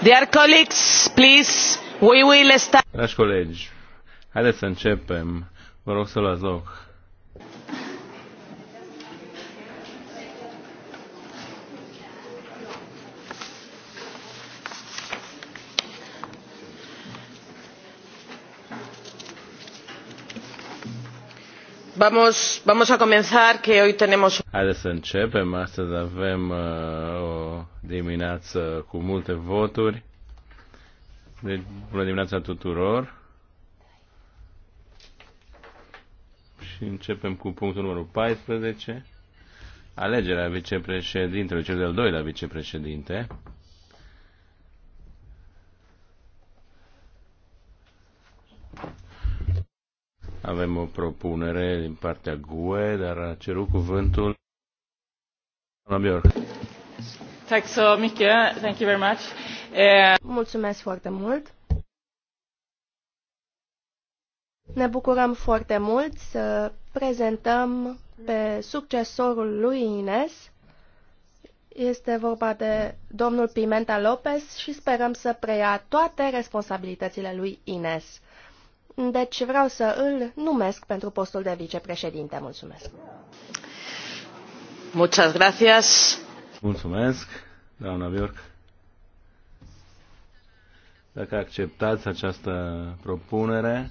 Dragi colegi, haideți să începem. Vă rog să luați loc. Haideți să începem. Astăzi avem uh, o dimineață cu multe voturi. Deci, bună dimineața tuturor. Și începem cu punctul numărul 14. Alegerea vicepreședintelui, cel de-al doilea vicepreședinte. Avem o propunere din partea GUE, dar a cerut cuvântul. Doamna Bjork. Tack så Thank you very much. Eh, Mulțumesc foarte mult. Ne bucurăm foarte mult să prezentăm pe succesorul lui Ines. Este vorba de domnul Pimenta Lopez și sperăm să preia toate responsabilitățile lui Ines. Deci vreau să îl numesc pentru postul de vicepreședinte. Mulțumesc. Muchas gracias. Mulțumesc, doamna Bjork. Dacă acceptați această propunere,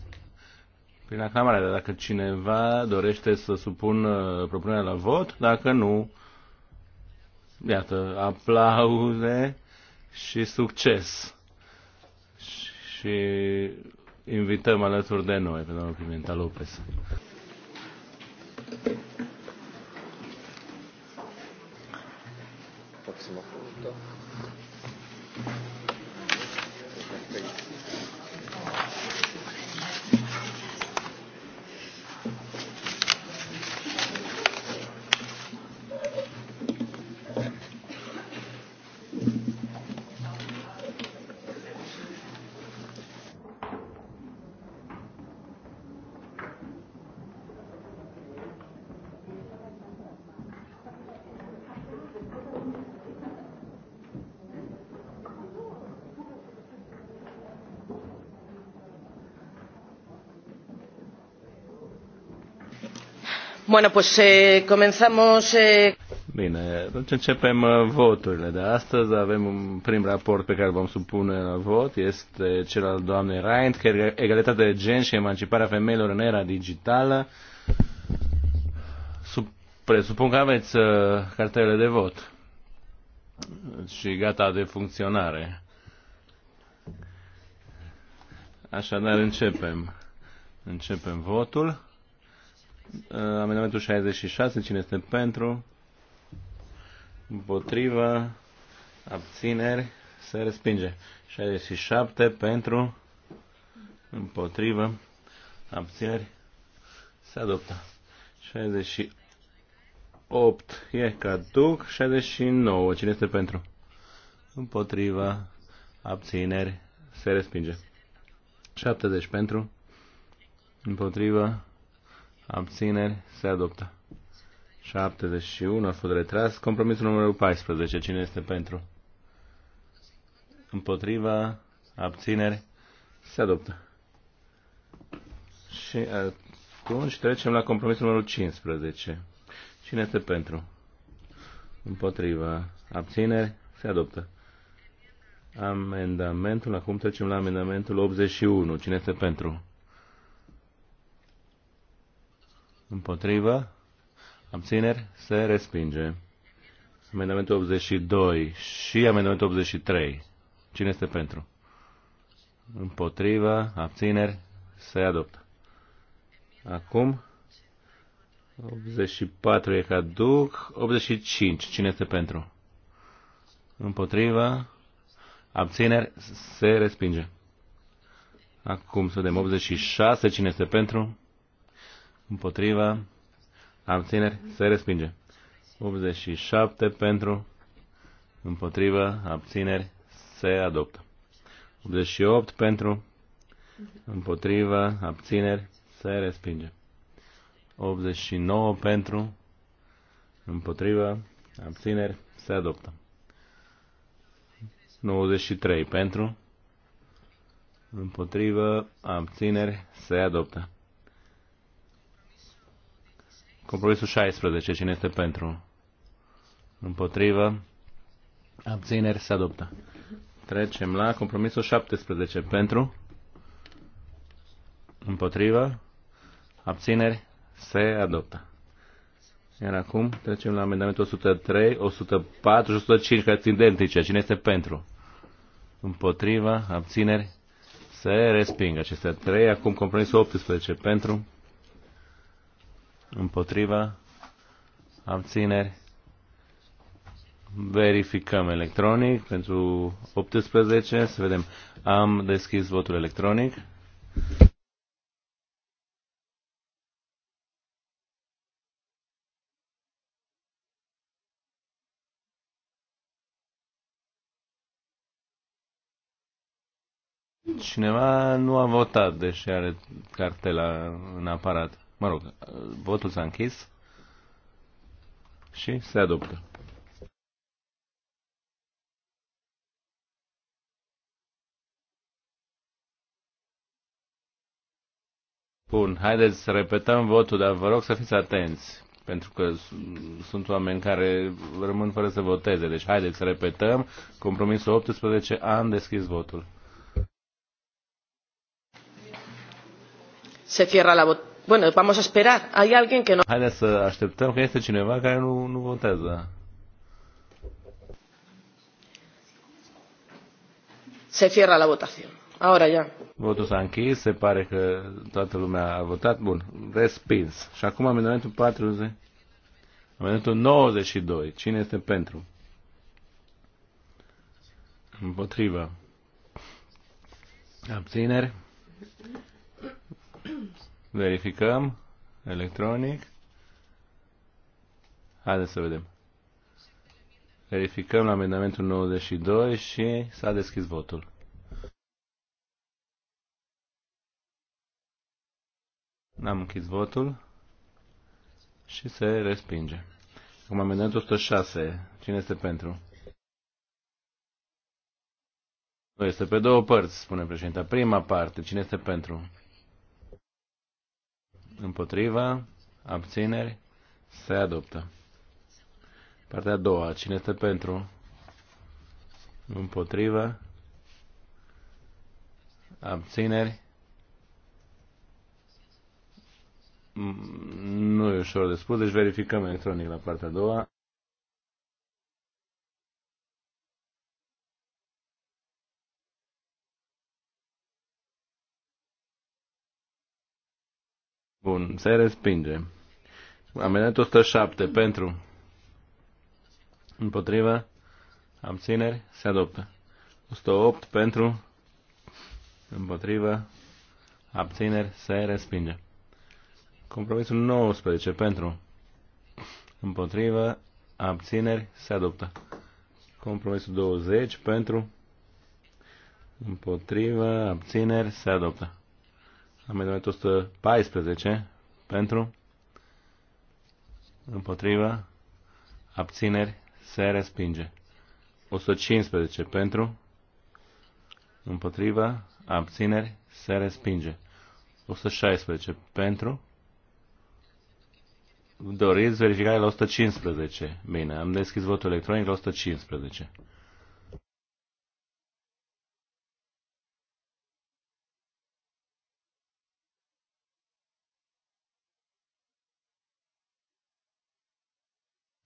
prin aclamare, dacă cineva dorește să supună propunerea la vot, dacă nu, iată, aplauze și succes. Și invităm alături de noi pe domnul Pimenta Lopez. Prossimo Bueno, pues eh, comenzamos... Eh... Bine, atunci deci începem uh, voturile de astăzi. Avem un prim raport pe care vom supune la vot. Este cel al doamnei Reint, egalitatea de gen și emanciparea femeilor în era digitală. Sub, presupun că aveți uh, cartele de vot și gata de funcționare. Așadar începem. Începem votul. Uh, amendamentul 66, cine este pentru? Împotrivă. Abțineri. Se respinge. 67 pentru. Împotrivă. Abțineri. Se adoptă. 68 e caduc. 69. Cine este pentru? Împotrivă. Abțineri. Se respinge. 70 pentru. Împotrivă abțineri, se adoptă. 71 a fost retras. Compromisul numărul 14. Cine este pentru? Împotriva, abțineri, se adoptă. Și atunci trecem la compromisul numărul 15. Cine este pentru? Împotriva, abțineri, se adoptă. Amendamentul, acum trecem la amendamentul 81. Cine este pentru? Împotrivă? Abțineri? Se respinge. Amendamentul 82 și amendamentul 83. Cine este pentru? Împotrivă? Abțineri? Se adoptă. Acum 84 e caduc. 85. Cine este pentru? Împotrivă? Abțineri? Se respinge. Acum să vedem. 86. Cine este pentru? împotriva, abțineri, se respinge. 87 pentru, împotriva, abțineri, se adoptă. 88 pentru, împotriva, abțineri, se respinge. 89 pentru, împotriva, abțineri, se adoptă. 93 pentru, împotriva, abțineri, se adoptă. Compromisul 16. Cine este pentru? Împotrivă? Abțineri? Se adoptă. Trecem la compromisul 17. Pentru? Împotrivă? Abțineri? Se adoptă. Iar acum trecem la amendamentul 103, 104 și 105, care sunt identice. Cine este pentru? Împotriva, abțineri, se resping acestea trei. Acum compromisul 18 pentru, împotriva, abțineri. Verificăm electronic pentru 18, să vedem. Am deschis votul electronic. Cineva nu a votat, deși are cartela în aparat. Mă rog, votul s-a închis și se adoptă. Bun, haideți să repetăm votul, dar vă rog să fiți atenți, pentru că sunt oameni care rămân fără să voteze. Deci haideți să repetăm. Compromisul 18, am deschis votul. Se cierra la vot. Bueno, vamos a esperar. Hay alguien que no... Haideți să așteptăm că este cineva care nu, nu votează. Se cierra la votación. Ahora ya. Votul s-a închis, se pare că toată lumea a votat. Bun, respins. Și acum amendamentul 40. Amendamentul 92. Cine este pentru? Împotrivă. Abțineri. Verificăm electronic. Haideți să vedem. Verificăm la amendamentul 92 și s-a deschis votul. N-am închis votul și se respinge. Acum amendamentul 106. Cine este pentru? Este pe două părți, spune președinta. Prima parte, cine este pentru? Împotriva? Abțineri? Se adoptă. Partea a doua. Cine este pentru? Împotriva? Abțineri? Mm, nu e ușor de spus, deci verificăm electronic la partea a doua. Bun, se respinge. Amendamentul 107 pentru. Împotriva. Abțineri. Se adoptă. 108 pentru. Împotriva. Abțineri. Se respinge. Compromisul 19 pentru. Împotriva. Abțineri. Se adoptă. Compromisul 20 pentru. Împotriva. Abțineri. Se adoptă. Amendamentul 114 pentru? Împotriva? Abțineri? Se respinge. 115 pentru? Împotriva? Abțineri? Se respinge. 116 pentru? Doriți verificarea la 115. Bine, am deschis votul electronic la 115.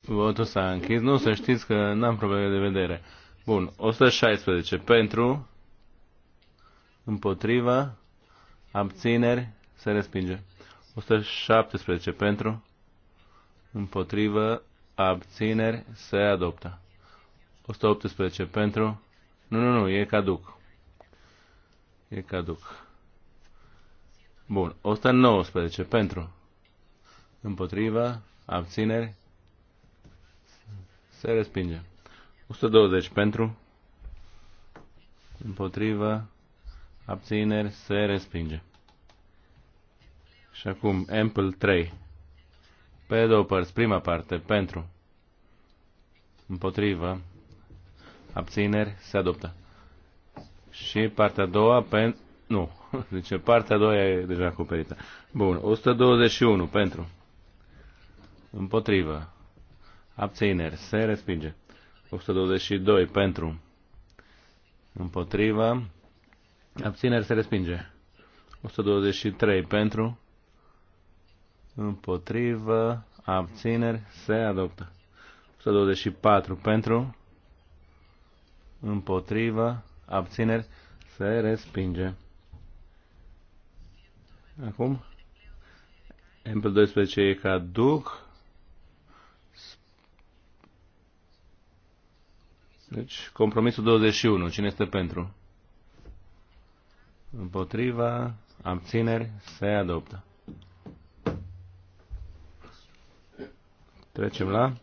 Votul s-a închis. Nu, să știți că n-am probleme de vedere. Bun, 116 pentru, împotriva, abțineri, se respinge. 117 pentru, împotrivă, abțineri, se adoptă. 118 pentru, nu, nu, nu, e caduc. E caduc. Bun, 119 pentru, împotriva, abțineri, se respinge. 120 pentru. Împotrivă. Abțineri. Se respinge. Și acum, Ample 3. Pe două părți. Prima parte. Pentru. Împotrivă. Abțineri. Se adoptă. Și partea a doua. Pen... Nu. Zice, partea a doua e deja acoperită. Bun. 121 pentru. Împotrivă abțineri, se respinge. 122 pentru, împotriva, abțineri, se respinge. 123 pentru, împotrivă, abțineri, se adoptă. 124 pentru, împotrivă, abțineri, se respinge. Acum, M12 e caduc, Deci, compromisul 21. Cine este pentru? Împotriva, abțineri, se adoptă. Trecem la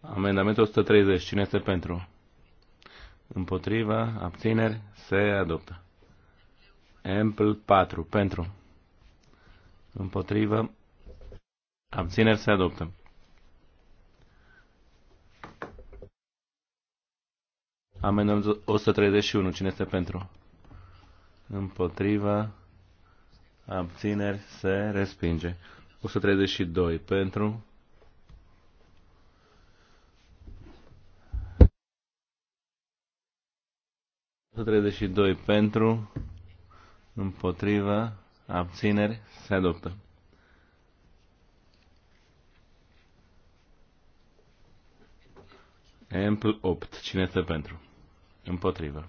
amendamentul 130. Cine este pentru? Împotriva, abțineri, se adoptă. Empl 4. Pentru. Împotriva, abțineri, se adoptă. Amendăm 131. Cine este pentru? Împotriva. Abțineri. Se respinge. 132. Pentru. doi pentru, împotriva, abțineri, se adoptă. Ampl 8. Cine este pentru? Împotrivă.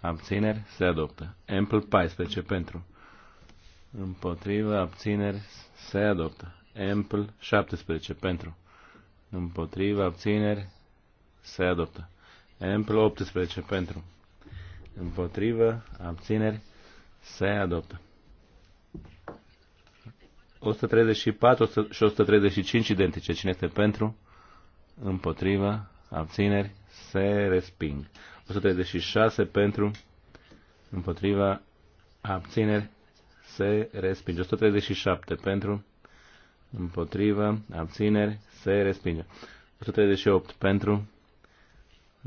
Abțineri se adoptă. Ample 14 pentru. Împotrivă. Abțineri se adoptă. Ample 17 pentru. Împotrivă. Abțineri se adoptă. Ample 18 pentru. Împotrivă. Abțineri se adoptă. 134 și 135 identice. Cine este pentru? Împotrivă. Abțineri? Se resping. 136 pentru, împotriva, abțineri, se respinge. 137 pentru, împotriva, abțineri, se respinge. 138 pentru,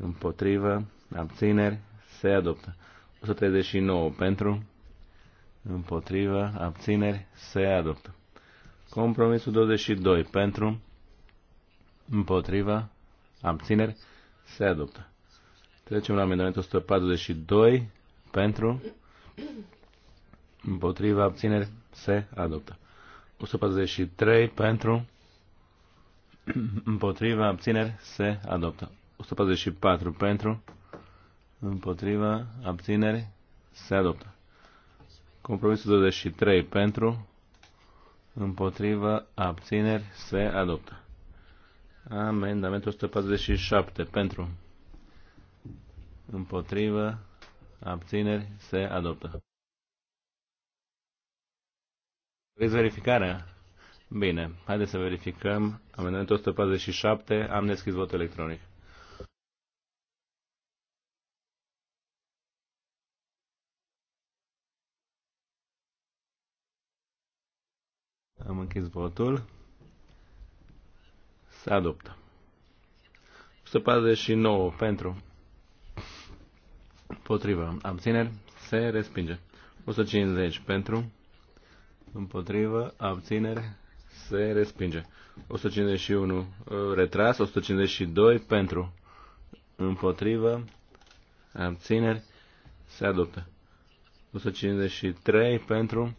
împotriva, abțineri, se adoptă. 139 pentru, împotriva, abțineri, se adoptă. Compromisul 22 pentru, împotriva, abțineri, se adoptă. Trecem la amendamentul 142 pentru, împotriva, abțineri, se adoptă. 143 pentru, împotriva, abțineri, se adoptă. 144 pentru, împotriva, abțineri, se adoptă. Compromisul 23 pentru, împotriva, abțineri, se adoptă. Amendamentul 147 pentru, împotrivă, abțineri, se adoptă. Vreți verificarea? Bine, haideți să verificăm. Amendamentul 147, am deschis votul electronic. Am închis votul. Se adoptă. 149 pentru. Împotrivă. Abțineri. Se respinge. 150 pentru. Împotrivă. Abțineri. Se respinge. 151 uh, retras. 152 pentru. Împotrivă. Abțineri. Se adoptă. 153 pentru.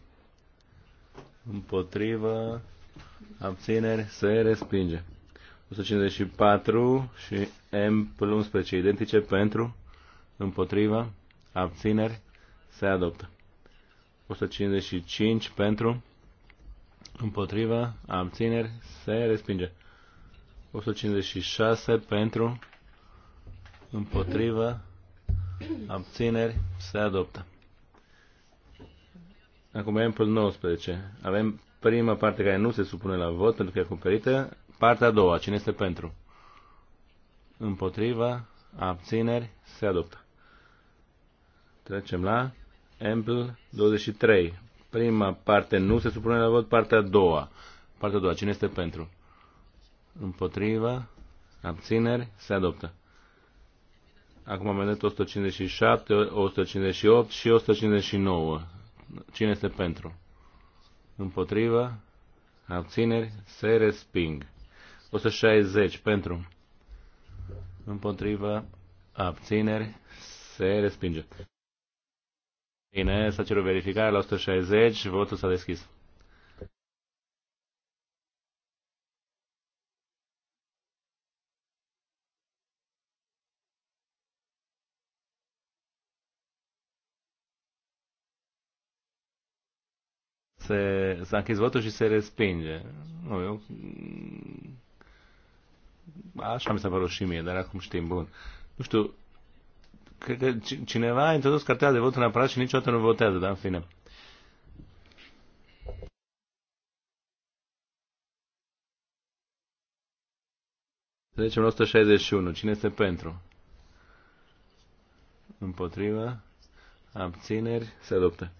Împotrivă. Abțineri. Se respinge. 154 și M plus 11 identice pentru împotriva, abțineri, se adoptă. 155 pentru, împotriva, abțineri, se respinge. 156 pentru, împotriva, abțineri, se adoptă. Acum avem plus 19. Avem prima parte care nu se supune la vot pentru că e acoperită. Partea a doua. Cine este pentru? Împotriva, abțineri, se adoptă. Trecem la Ample 23. Prima parte nu se supune la vot, partea a doua. Partea a doua, cine este pentru? Împotriva, abțineri, se adoptă. Acum am venit 157, 158 și 159. Cine este pentru? Împotriva, abțineri, se resping. 160 pentru. Împotriva, abțineri, se respinge. Bine, să cer o verificare la 160, votul s-a deschis. se, s-a închis votul și se respinge. Nu, eu... Așa mi s-a părut și mie, dar acum știm, bun. Nu știu, cred că cineva a introdus cartea de vot în aparat și niciodată nu votează, dar în fine. Trecem la 161. Cine este pentru? Împotriva. Abțineri. Se adoptă.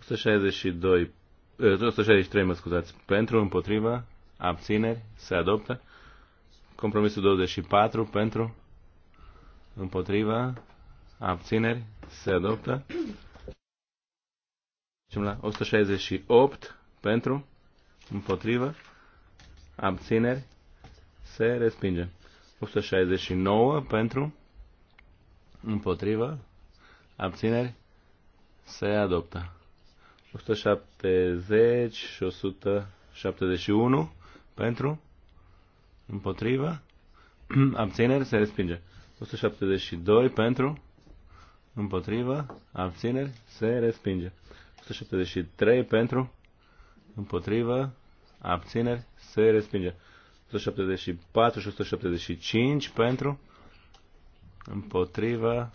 162. 163, eh, mă scuzați. Pentru, împotriva. Abțineri. Se adoptă. Compromisul 24. Pentru. Împotriva abțineri, se adoptă. La 168 pentru, împotrivă, abțineri, se respinge. 169 pentru, împotrivă, abțineri, se adoptă. 170 și 171 pentru, împotrivă, abțineri, se respinge. 172 pentru, împotriva, abțineri, se respinge. 173 pentru, împotriva, abțineri, se respinge. 174 și 175 pentru, împotriva,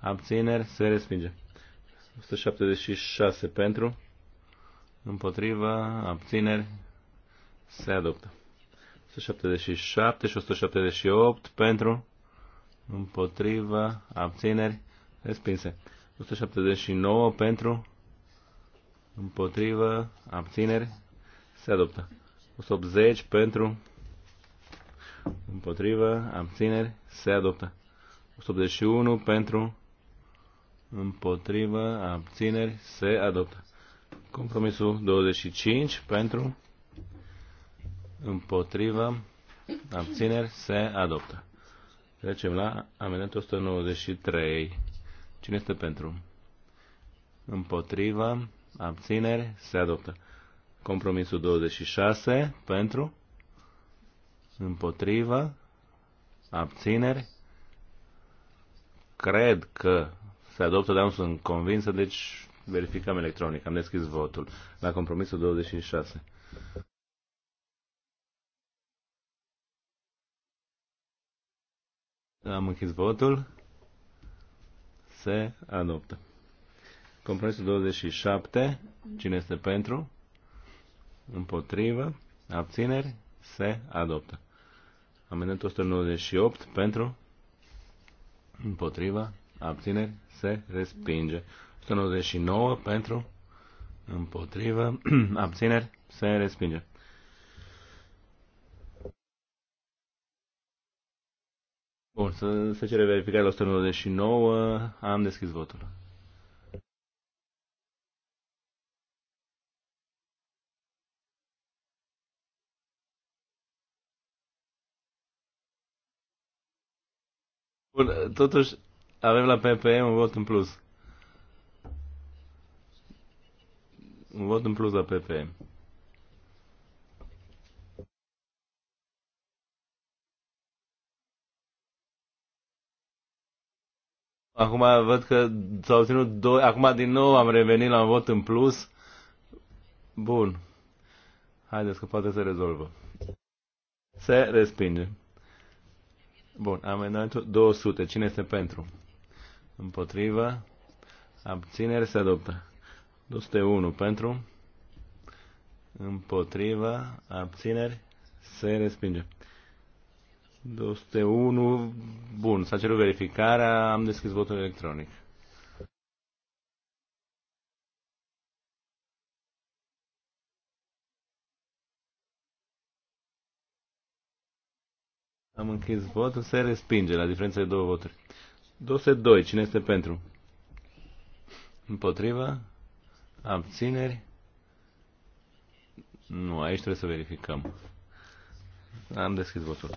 abțineri, se respinge. 176 pentru, împotriva, abțineri, se adoptă. 177 și 178 pentru, împotriva, abțineri, Respinse. 179 pentru, împotrivă, abțineri, se adoptă. 180 pentru, împotrivă, abțineri, se adoptă. 181 pentru, împotrivă, abțineri, se adoptă. Compromisul 25 pentru, împotrivă, abțineri, se adoptă. Trecem la amendamentul 193 Cine este pentru? Împotriva. Abțineri. Se adoptă. Compromisul 26. Pentru. Împotriva. Abțineri. Cred că se adoptă, dar nu sunt convinsă, deci verificăm electronic. Am deschis votul la compromisul 26. Am închis votul se adoptă. Compromisul 27, cine este pentru? Împotrivă, abțineri, se adoptă. Amendamentul 198, pentru? Împotrivă, abțineri, se respinge. 199, pentru? Împotrivă, abțineri, se respinge. Bun, să se cere verificare la 199. Am deschis votul. Bun, totuși avem la PPM un vot în plus. Un vot în plus la PPM. Acum văd că s-au obținut doi. Acum din nou am revenit la un vot în plus. Bun. Haideți că poate se rezolvă. Se respinge. Bun, amendamentul 200. Cine este pentru? Împotrivă. Abțineri se adoptă. 201 pentru. Împotrivă. Abțineri se respinge. 201. Bun, s-a cerut verificarea, am deschis votul electronic. Am închis votul, se respinge la diferența de două voturi. 202, cine este pentru? Împotriva? Abțineri? Nu, aici trebuie să verificăm. Am deschis votul.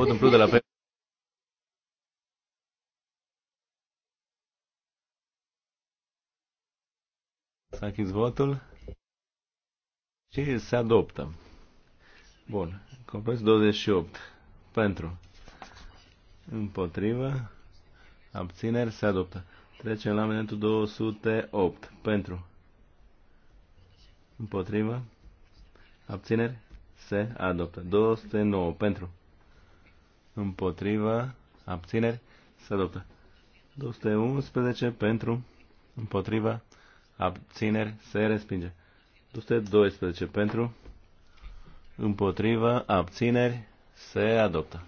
vot în plus de la PP. S-a închis votul și se adoptă. Bun. Compromis 28. Pentru. Împotrivă. Abțineri se adoptă. Trecem la amendamentul 208. Pentru. Împotrivă. Abțineri se adoptă. 209. Pentru împotriva, abțineri, se adoptă. 211 pentru, împotriva, abțineri, se respinge. 212 pentru, împotriva, abțineri, se adoptă.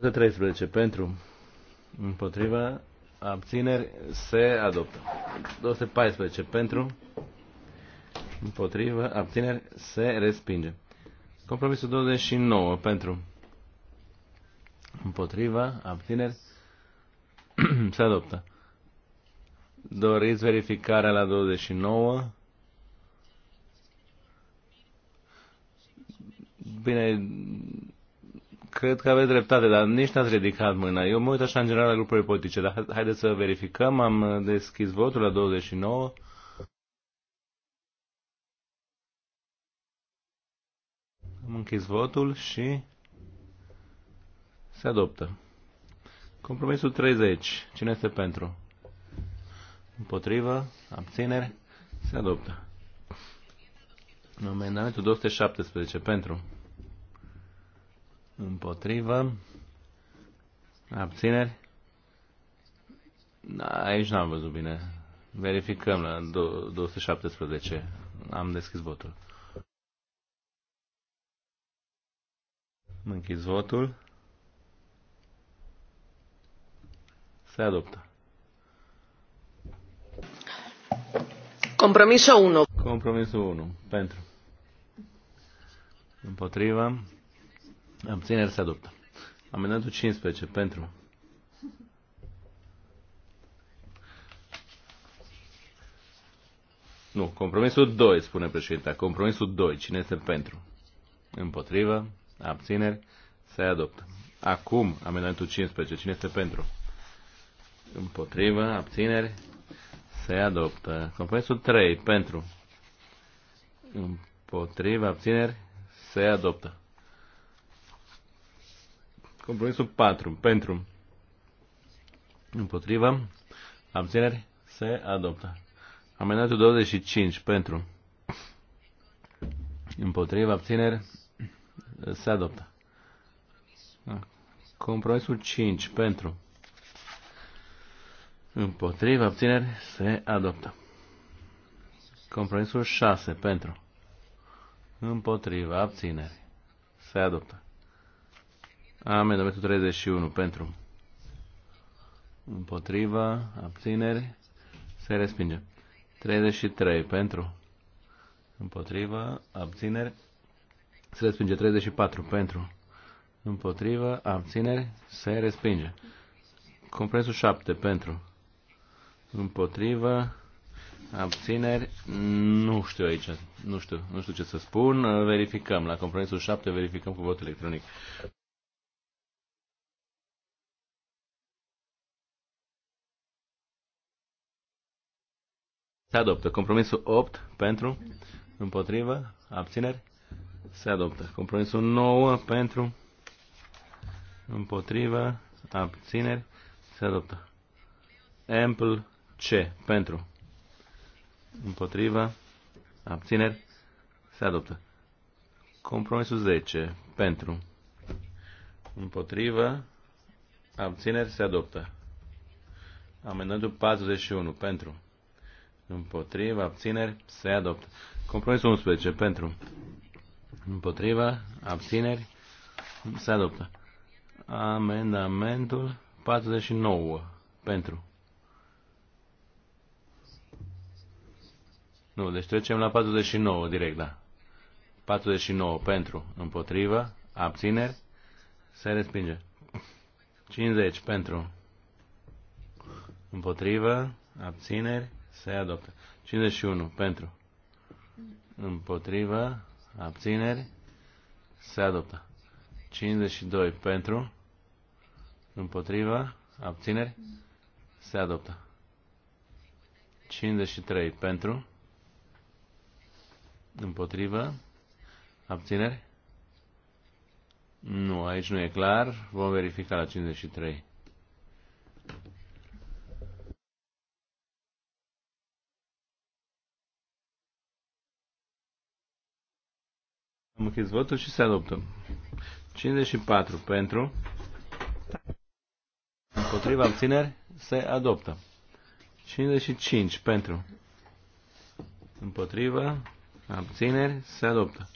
213 pentru, împotriva, abțineri, se adoptă. 214 pentru, împotriva, abțineri, se respinge. Compromisul 29 pentru. Împotriva, abțineri, se adoptă. Doriți verificarea la 29? Bine, cred că aveți dreptate, dar nici n-ați ridicat mâna. Eu mă uit așa în general la grupurile politice, dar haideți să verificăm. Am deschis votul la 29. închis votul și se adoptă. Compromisul 30. Cine este pentru? Împotrivă? Abțineri? Se adoptă. Amendamentul 217. Pentru? Împotrivă? Abțineri? Da, aici n-am văzut bine. Verificăm la 217. Am deschis votul. Am închis votul. Se adoptă. Compromisul 1. Compromisul 1. Pentru. Împotriva. Abțineri se adoptă. Amendatul 15. Pentru. Nu, compromisul 2, spune președinta. Compromisul 2. Cine este pentru? Împotriva. Abțineri? Se adoptă. Acum, amendamentul 15. Cine este pentru? Împotrivă? Abțineri? Se adoptă. Compromisul 3. Pentru? Împotrivă? Abțineri? Se adoptă. Compromisul 4. Pentru? Împotrivă? Abțineri? Se adoptă. Amendamentul 25. Pentru? Împotrivă? Abțineri? se adoptă. Compromisul 5 pentru împotriva abțineri se adoptă. Compromisul 6 pentru împotriva abțineri se adoptă. Amendamentul 31 pentru împotriva abțineri se respinge. 33 pentru împotriva abțineri se respinge 34 pentru. Împotrivă, abțineri, se respinge. Compresul 7 pentru. Împotrivă, abțineri, nu știu aici, nu știu, nu știu ce să spun. Verificăm, la compromisul 7 verificăm cu vot electronic. Se adoptă compromisul 8 pentru, împotrivă, abțineri, se adoptă. Compromisul 9 pentru, împotriva, abțineri, se adoptă. Ample C pentru, împotriva, abțineri, se adoptă. Compromisul 10 pentru, împotriva, abțineri, se adoptă. Amendamentul 41 pentru, împotriva, abțineri, se adoptă. Compromisul 11 pentru, Împotriva. Abțineri. Se adoptă. Amendamentul 49. Pentru. Nu, deci trecem la 49 direct, da. 49 pentru, împotrivă, abțineri, se respinge. 50 pentru, împotrivă, abțineri, se adoptă. 51 pentru, împotrivă, abțineri, se adoptă. 52 pentru, împotriva, abțineri, se adoptă. 53 pentru, împotriva, abțineri, nu, aici nu e clar, vom verifica la 53. Am închis votul și se adoptă. 54 pentru. Împotriva abțineri se adoptă. 55 pentru. Împotriva abțineri se adoptă.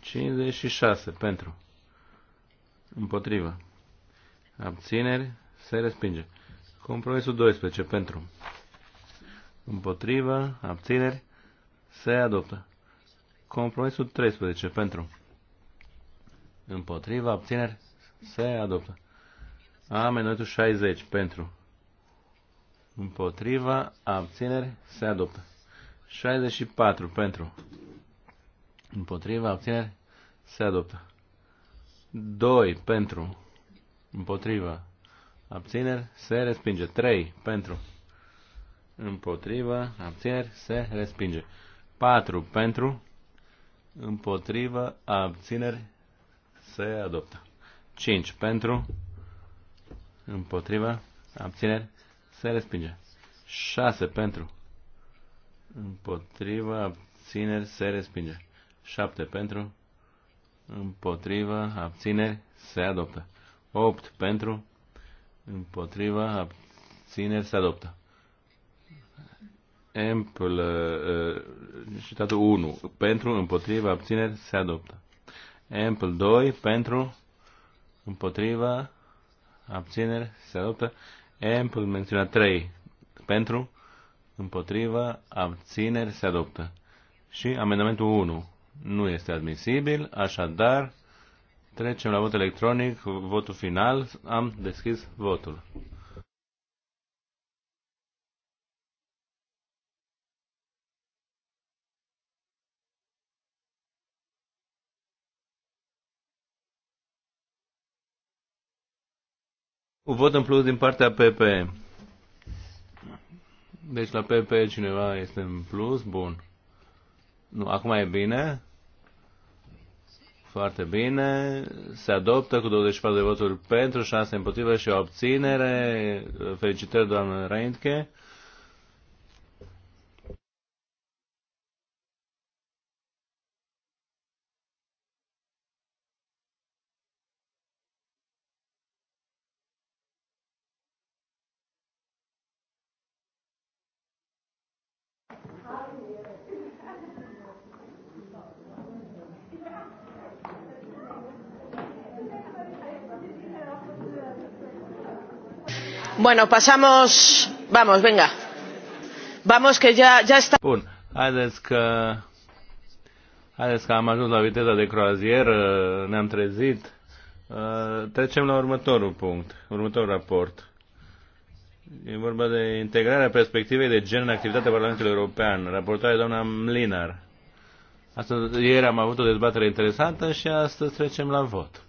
56 pentru. Împotriva. Abțineri se respinge. Compromisul 12 pentru. Împotriva abțineri se adoptă. Compromisul 13 pentru. Împotriva abțineri se adoptă. Amenuitul 60 pentru. Împotriva abțineri se adoptă. 64 pentru. Împotriva abțineri se adoptă. 2 pentru. Împotriva abțineri se respinge. 3 pentru. Împotriva abțineri se respinge. 4 pentru împotriva, abțineri, se adoptă. 5 pentru, împotriva, abțineri, se respinge. 6 pentru, împotriva, abțineri, se respinge. 7 pentru, împotriva, abțineri, se adoptă. 8 pentru, împotriva, abțineri, se adoptă. Ample, uh, citatul 1, pentru, împotriva, abțineri, se adoptă. Ample 2, pentru, împotriva, abțineri, se adoptă. Ample menționat 3, pentru, împotriva, abțineri, se adoptă. Și amendamentul 1 nu este admisibil, așadar trecem la vot electronic, votul final, am deschis votul. Un vot în plus din partea PP. Deci la PP cineva este în plus, bun. Nu, acum e bine. Foarte bine. Se adoptă cu 24 de voturi pentru, 6 împotrivă și o obținere. Felicitări, doamnă Reintke. Bueno, pasamos. Vamos, venga. Vamos, que ya, ya está. Bun. Haideți că. Haideți că am ajuns la viteza de croazieră, uh, ne-am trezit. Uh, trecem la următorul punct, următorul raport. E vorba de integrarea perspectivei de gen în activitatea Parlamentului European, raportarea doamna Mlinar. Astăzi, ieri am avut o dezbatere interesantă și astăzi trecem la vot.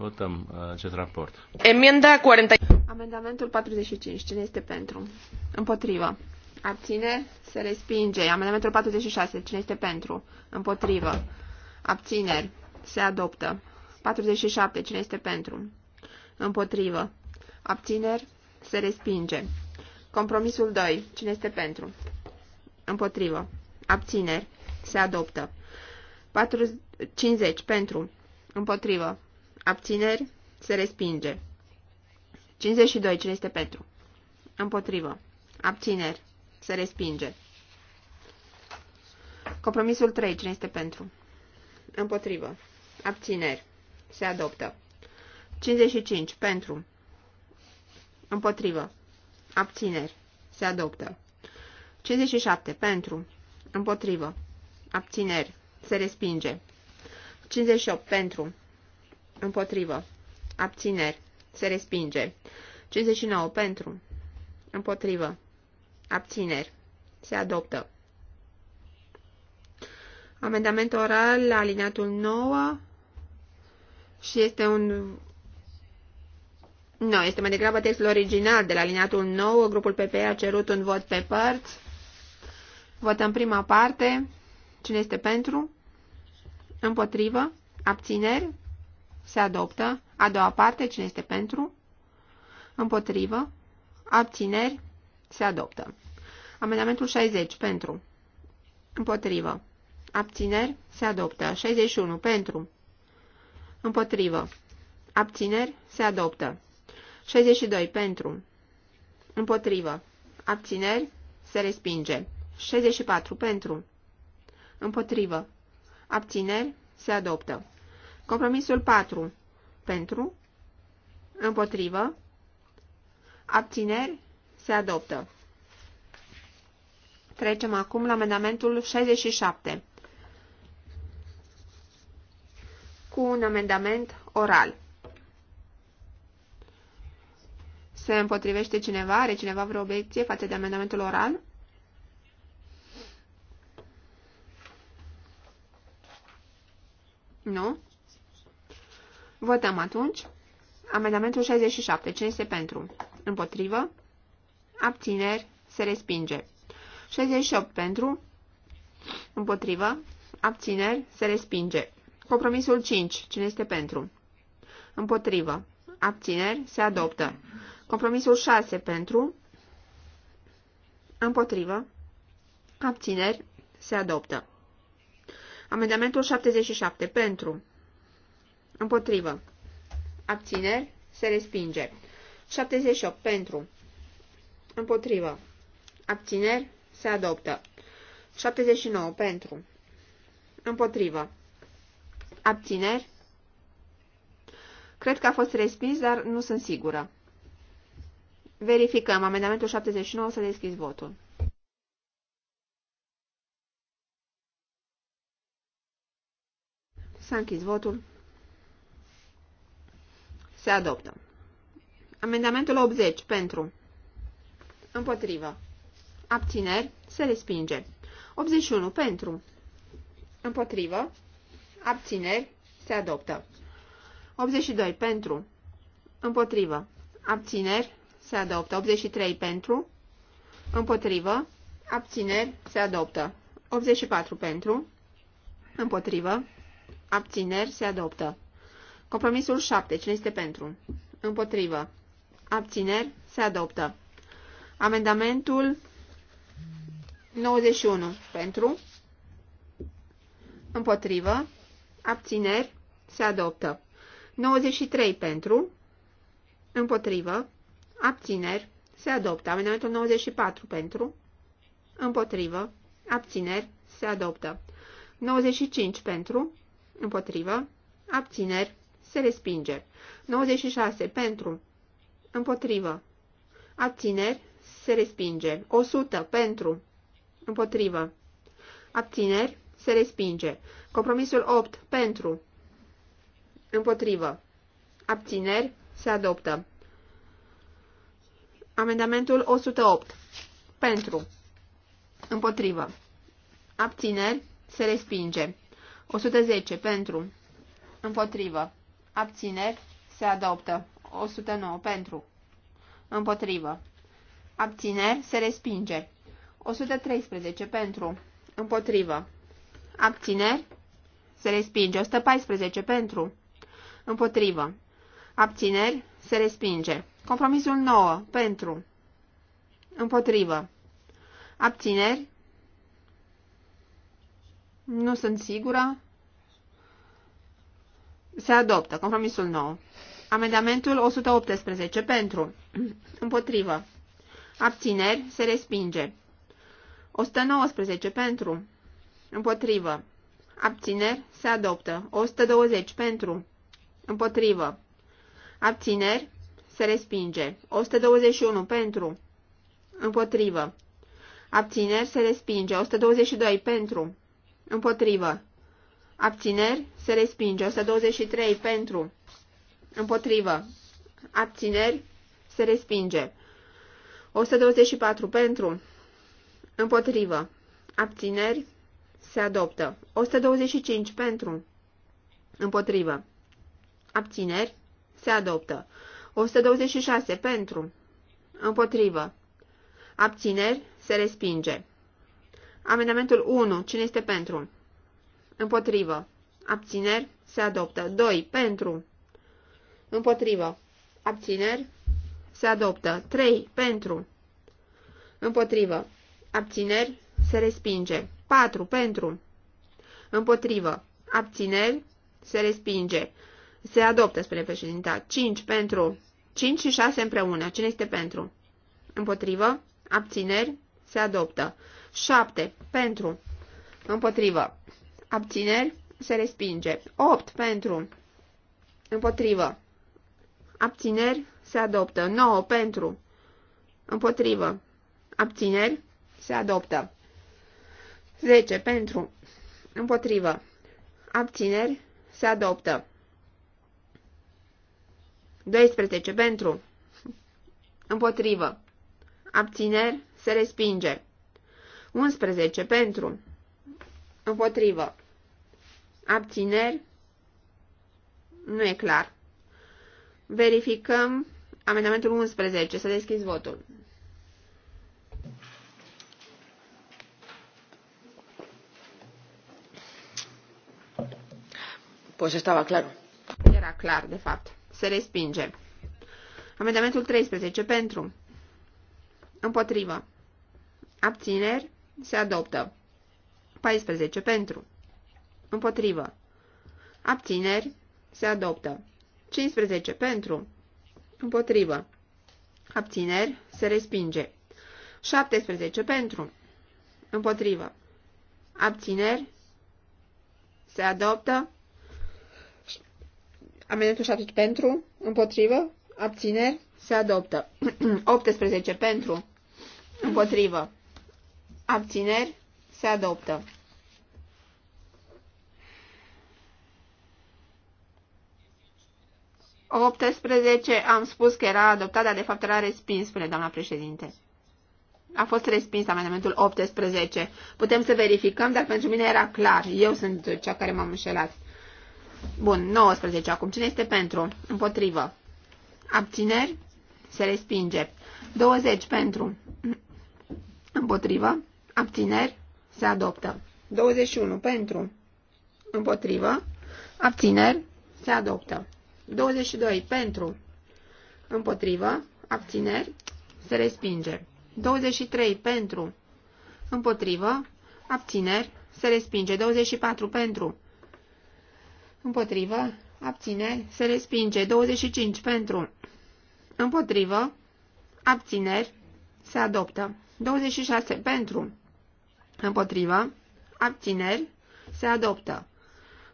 Votăm uh, acest raport. Emenda 40. Amendamentul 45. Cine este pentru? Împotrivă. Abține. Se respinge. Amendamentul 46. Cine este pentru? Împotrivă. Abțineri. Se adoptă. 47. Cine este pentru? Împotrivă. Abțineri. Se respinge. Compromisul 2. Cine este pentru? Împotrivă. Abțineri. Se adoptă. 4... 50. Pentru. Împotrivă. Abțineri? Se respinge. 52. Cine este pentru? Împotrivă. Abțineri. Se respinge. Compromisul 3. Cine este pentru? Împotrivă. Abțineri. Se adoptă. 55. Pentru. Împotrivă. Abțineri. Se adoptă. 57. Pentru. Împotrivă. Abțineri. Se respinge. 58. Pentru. Împotrivă. Abțineri. Se respinge. 59. Pentru. Împotrivă. Abțineri. Se adoptă. Amendament oral la alineatul 9 și este un... Nu, este mai degrabă textul original de la alineatul 9. Grupul PP a cerut un vot pe părți. Votăm prima parte. Cine este pentru? Împotrivă? Abțineri? se adoptă. A doua parte, cine este pentru? Împotrivă. Abțineri, se adoptă. Amendamentul 60, pentru. Împotrivă. Abțineri, se adoptă. 61, pentru. Împotrivă. Abțineri, se adoptă. 62, pentru. Împotrivă. Abțineri, se respinge. 64, pentru. Împotrivă. Abțineri, se adoptă. Compromisul 4. Pentru, împotrivă, abțineri, se adoptă. Trecem acum la amendamentul 67. Cu un amendament oral. Se împotrivește cineva? Are cineva vreo obiecție față de amendamentul oral? Nu? Votăm atunci amendamentul 67. Cine este pentru? Împotrivă? Abțineri? Se respinge. 68 pentru? Împotrivă? Abțineri? Se respinge. Compromisul 5. Cine este pentru? Împotrivă. Abțineri? Se adoptă. Compromisul 6 pentru? Împotrivă. Abțineri? Se adoptă. Amendamentul 77 pentru? Împotrivă. Abțineri. Se respinge. 78. Pentru. Împotrivă. Abțineri. Se adoptă. 79. Pentru. Împotrivă. Abțineri. Cred că a fost respins, dar nu sunt sigură. Verificăm. Amendamentul 79. Să deschizi votul. S-a închis votul. Se adoptă. Amendamentul 80 pentru. Împotrivă. Abțineri. Se respinge. 81 pentru. Împotrivă. Abțineri. Se adoptă. 82 pentru. Împotrivă. Abțineri. Se adoptă. 83 pentru. Împotrivă. Abțineri. Se adoptă. 84 pentru. Împotrivă. Abțineri. Se adoptă. Compromisul 7. Cine este pentru? Împotrivă. Abțineri. Se adoptă. Amendamentul 91. Pentru. Împotrivă. Abțineri. Se adoptă. 93. Pentru. Împotrivă. Abțineri. Se adoptă. Amendamentul 94. Pentru. Împotrivă. Abțineri. Se adoptă. 95. Pentru. Împotrivă. Abțineri se respinge. 96 pentru, împotrivă, abțineri, se respinge. 100 pentru, împotrivă, abțineri, se respinge. Compromisul 8 pentru, împotrivă, abțineri, se adoptă. Amendamentul 108 pentru, împotrivă, abțineri, se respinge. 110 pentru, împotrivă. Abțineri. Se adoptă. 109 pentru. Împotrivă. Abțineri. Se respinge. 113 pentru. Împotrivă. Abțineri. Se respinge. 114 pentru. Împotrivă. Abțineri. Se respinge. Compromisul 9. Pentru. Împotrivă. Abțineri. Nu sunt sigură. Se adoptă. Compromisul nou. Amendamentul 118 pentru. Împotrivă. Abțineri. Se respinge. 119 pentru. Împotrivă. Abțineri. Se adoptă. 120 pentru. Împotrivă. Abțineri. Se respinge. 121 pentru. Împotrivă. Abțineri. Se respinge. 122 pentru. Împotrivă. Abțineri se respinge. 123 pentru. Împotrivă. Abțineri se respinge. 124 pentru. Împotrivă. Abțineri se adoptă. 125 pentru. Împotrivă. Abțineri se adoptă. 126 pentru. Împotrivă. Abțineri se respinge. Amendamentul 1. Cine este pentru? Împotrivă. Abțineri. Se adoptă. 2. Pentru. Împotrivă. Abțineri. Se adoptă. 3. Pentru. Împotrivă. Abțineri. Se respinge. 4. Pentru. Împotrivă. Abțineri. Se respinge. Se adoptă, spune președinta. 5. Pentru. 5 și 6 împreună. Cine este pentru? Împotrivă. Abțineri. Se adoptă. 7. Pentru. Împotrivă abțineri, se respinge. 8 pentru, împotrivă, abțineri, se adoptă. 9 pentru, împotrivă, abțineri, se adoptă. 10 pentru, împotrivă, abțineri, se adoptă. 12 pentru, împotrivă, abțineri, se respinge. 11 pentru, împotrivă, Abțineri? Nu e clar. Verificăm amendamentul 11. Să deschizi votul. Pues stava clar. Era clar, de fapt. Se respinge. Amendamentul 13. Pentru. Împotrivă. Abțineri. Se adoptă. 14. Pentru. Împotrivă. Abțineri. Se adoptă. 15. Pentru. Împotrivă. Abțineri. Se respinge. 17. Pentru. Împotrivă. Abțineri. Se adoptă. Amendamentul 7 pentru. Împotrivă. Abțineri. Se adoptă. 18 pentru. Împotrivă. Abțineri. Se adoptă. 18 am spus că era adoptat, dar de fapt era respins, spune doamna președinte. A fost respins amendamentul 18. Putem să verificăm, dar pentru mine era clar. Eu sunt cea care m-am înșelat. Bun, 19 acum. Cine este pentru? Împotrivă. Abțineri? Se respinge. 20 pentru. Împotrivă. Abțineri? Se adoptă. 21 pentru. Împotrivă. Abțineri? Se adoptă. 22 pentru, împotrivă, abțineri, se respinge. 23 pentru, împotrivă, abțineri, se respinge. 24 pentru, împotrivă, abțineri, se respinge. 25 pentru, împotrivă, abțineri, se adoptă. 26 pentru, împotrivă, abțineri, se adoptă.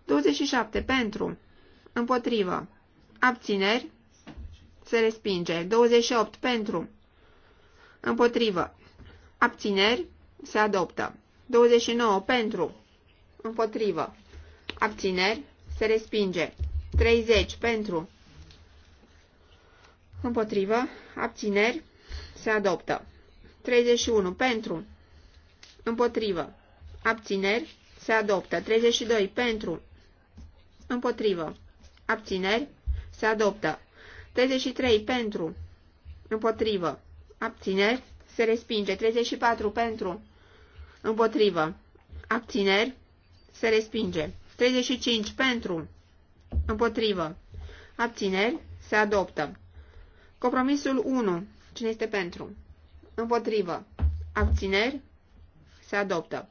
27 pentru, împotrivă, Abțineri. Se respinge. 28 pentru. Împotrivă. Abțineri. Se adoptă. 29 pentru. Împotrivă. Abțineri. Se respinge. 30 pentru. Împotrivă. Abțineri. Se adoptă. 31 pentru. Împotrivă. Abțineri. Se adoptă. 32 pentru. Împotrivă. Abțineri se adoptă. 33 pentru, împotrivă, abțineri, se respinge. 34 pentru, împotrivă, abțineri, se respinge. 35 pentru, împotrivă, abțineri, se adoptă. Compromisul 1, cine este pentru? Împotrivă, abțineri, se adoptă.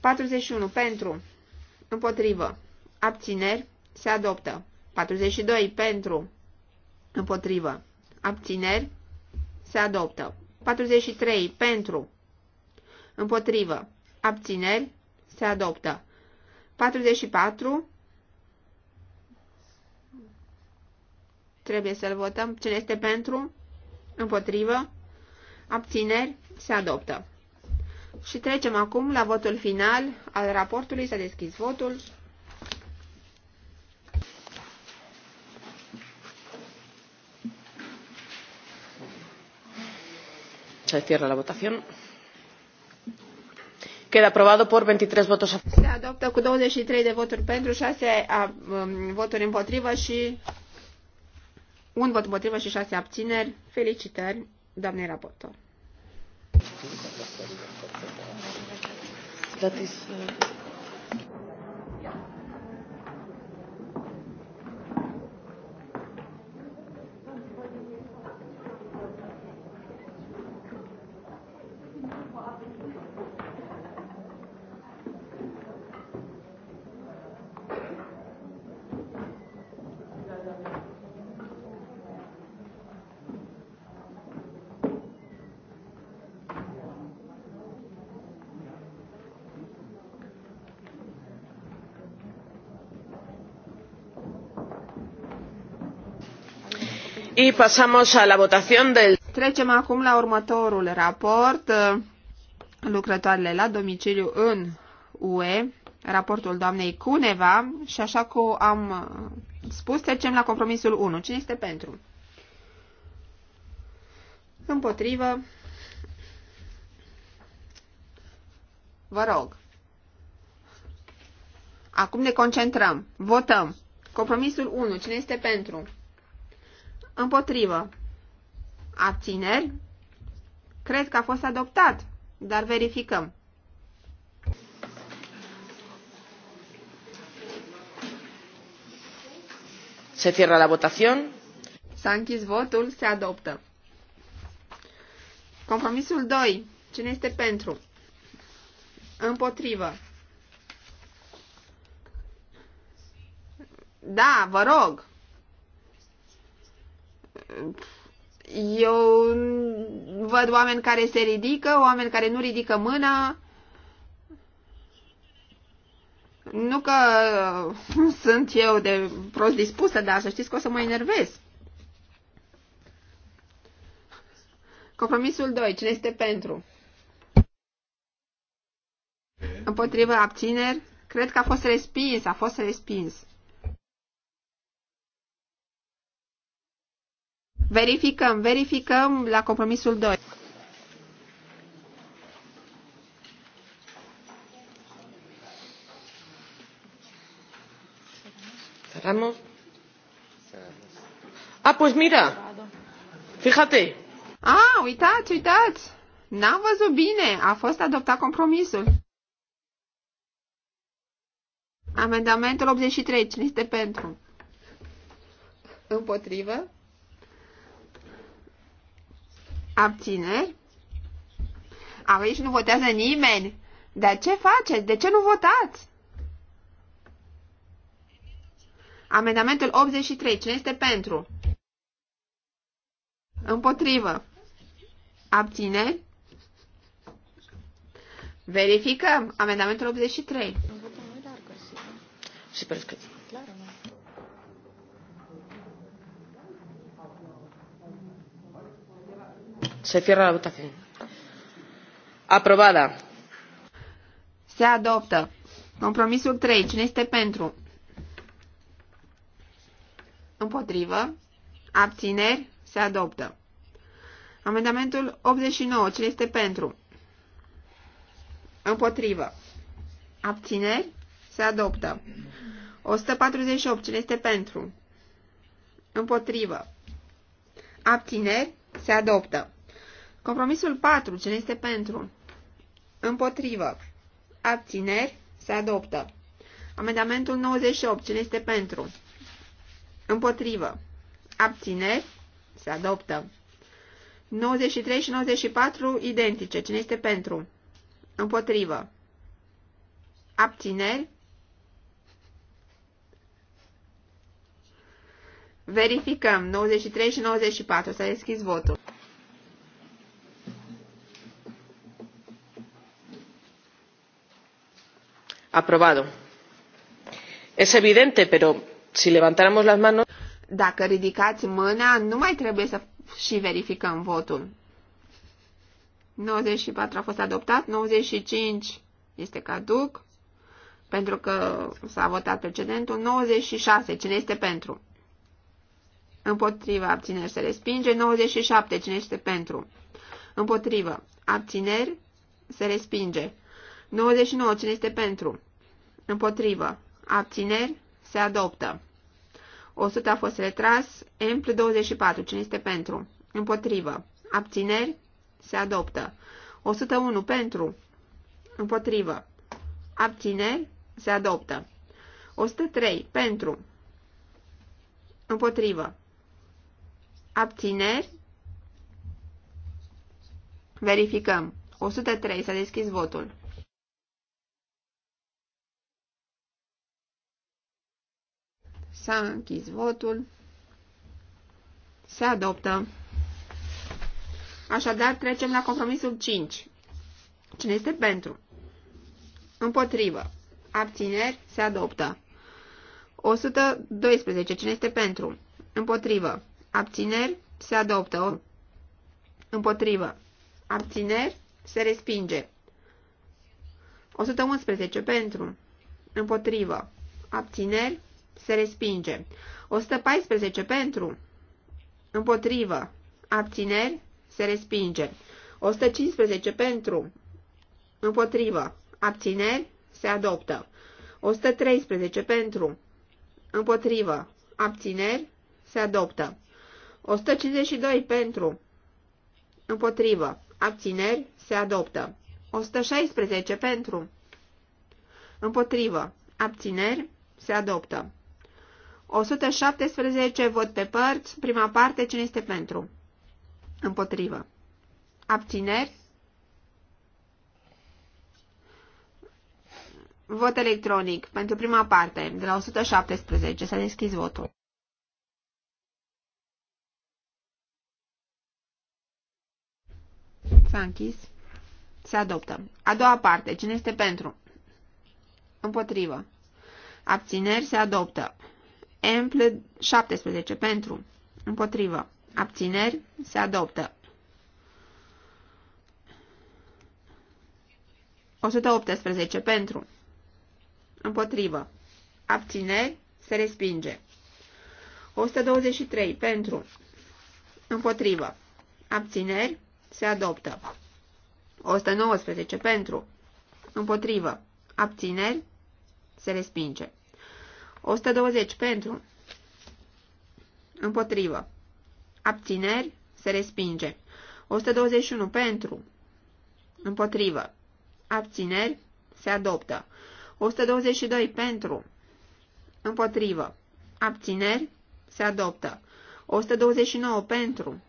41 pentru, împotrivă, abțineri, se adoptă. 42 pentru, împotrivă, abțineri, se adoptă. 43 pentru, împotrivă, abțineri, se adoptă. 44 trebuie să-l votăm. Cine este pentru, împotrivă, abțineri, se adoptă. Și trecem acum la votul final al raportului. S-a deschis votul. se cierra la votación. Queda aprobado por 23 votos a Se adopta cu 23 de voturi pentru, 6 votos um, împotrivă și un vot împotrivă și 6 abțineri. Felicitări, doamne raportor. That is, uh... Y pasamos a la votación del... Trecem acum la următorul raport, uh, lucrătoarele la domiciliu în UE, raportul doamnei Cuneva și așa cum am uh, spus, trecem la compromisul 1. Cine este pentru? Împotrivă. Vă rog. Acum ne concentrăm. Votăm. Compromisul 1. Cine este pentru? Împotrivă. Abțineri. Cred că a fost adoptat, dar verificăm. Se cierra la votación. S-a închis votul, se adoptă. Compromisul 2. Cine este pentru? Împotrivă. Da, vă rog eu văd oameni care se ridică, oameni care nu ridică mâna. Nu că sunt eu de prost dispusă, dar să știți că o să mă enervez. Compromisul 2. Cine este pentru? Împotrivă abțineri? Cred că a fost respins, a fost respins. Verificăm, verificăm la compromisul 2. Cerramos. Ah, pues mira. Fíjate. Ah, uitați, uitați. N-am văzut bine. A fost adoptat compromisul. Amendamentul 83. Cine este pentru? Împotrivă? Abțineri? Aici nu votează nimeni. Dar ce faceți? De ce nu votați? Amendamentul 83. Cine este pentru? Împotrivă. abține. Verificăm. Amendamentul 83. Și Se cierra la votación. Aprobada. Se adoptă. Compromisul 3. Cine este pentru? Împotrivă. Abțineri. Se adoptă. Amendamentul 89. Cine este pentru? Împotrivă. Abțineri. Se adoptă. 148. Cine este pentru? Împotrivă. Abțineri. Se adoptă. Compromisul 4. Cine este pentru? Împotrivă. Abțineri. Se adoptă. Amendamentul 98. Cine este pentru? Împotrivă. Abțineri. Se adoptă. 93 și 94 identice. Cine este pentru? Împotrivă. Abțineri. Verificăm. 93 și 94. S-a deschis votul. aprobado. es evidente pero si levantáramos las manos. dacă ridicați mâna nu mai trebuie să și verificăm votul. 94 a fost adoptat, 95 este caduc, pentru că s-a votat precedentul, 96, cine este pentru? Împotriva, abțineri se respinge, 97, cine este pentru? Împotrivă, abțineri se respinge, 99. Cine este pentru? Împotrivă. Abțineri? Se adoptă. 100 a fost retras. Empl 24. Cine este pentru? Împotrivă. Abțineri? Se adoptă. 101 pentru. Împotrivă. Abțineri? Se adoptă. 103 pentru. Împotrivă. Abțineri? Verificăm. 103. S-a deschis votul. S-a închis votul. Se adoptă. Așadar, trecem la compromisul 5. Cine este pentru? Împotrivă. Abțineri. Se adoptă. 112. Cine este pentru? Împotrivă. Abțineri. Se adoptă. Împotrivă. Abțineri. Se respinge. 111. Pentru. Împotrivă. Abțineri se respinge. 114 pentru, împotrivă, abțineri, se respinge. 115 pentru, împotrivă, abțineri, se adoptă. 113 pentru, împotrivă, abțineri, se adoptă. 152 pentru, împotrivă, abțineri, se adoptă. 116 pentru, împotrivă, abțineri, se adoptă. 117 vot pe părți, prima parte, cine este pentru? Împotrivă. Abțineri? Vot electronic pentru prima parte, de la 117. S-a deschis votul. S-a închis. Se adoptă. A doua parte. Cine este pentru? Împotrivă. Abțineri se adoptă. Emple 17 pentru, împotrivă, abțineri, se adoptă. 118 pentru, împotrivă, abțineri, se respinge. 123 pentru, împotrivă, abțineri, se adoptă. 119 pentru, împotrivă, abțineri, se respinge. 120 pentru, împotrivă, abțineri, se respinge. 121 pentru, împotrivă, abțineri, se adoptă. 122 pentru, împotrivă, abțineri, se adoptă. 129 pentru,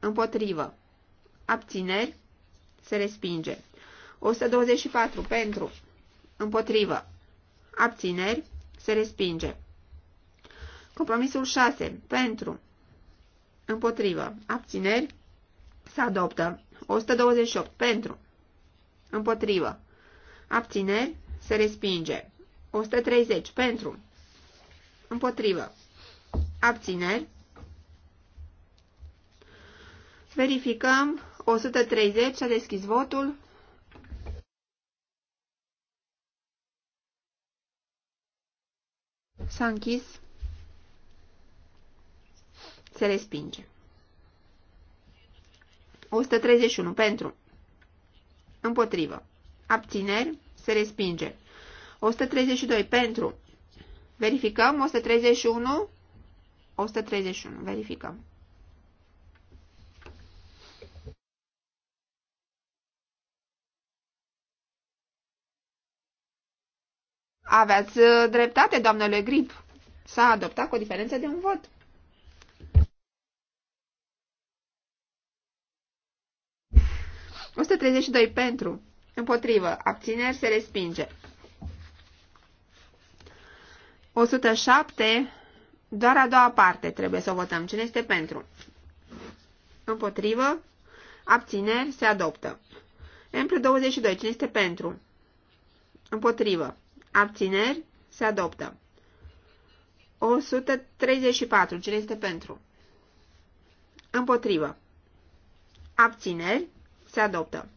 împotrivă, abțineri, se respinge. 124 pentru, împotrivă, abțineri, se respinge. Compromisul 6. Pentru. Împotrivă. Abțineri. Se adoptă. 128. Pentru. Împotrivă. Abțineri. Se respinge. 130. Pentru. Împotrivă. Abțineri. Verificăm. 130. S-a deschis votul. S-a închis. Se respinge. 131. Pentru. Împotrivă. Abțineri. Se respinge. 132. Pentru. Verificăm. 131. 131. Verificăm. Aveați uh, dreptate, domnule Grip. S-a adoptat cu o diferență de un vot. doi pentru, împotrivă, abțineri se respinge. 107, doar a doua parte trebuie să o votăm. Cine este pentru? Împotrivă, abțineri se adoptă. M22, cine este pentru? Împotrivă. Abțineri? Se adoptă. 134. Cine este pentru? Împotrivă. Abțineri? Se adoptă.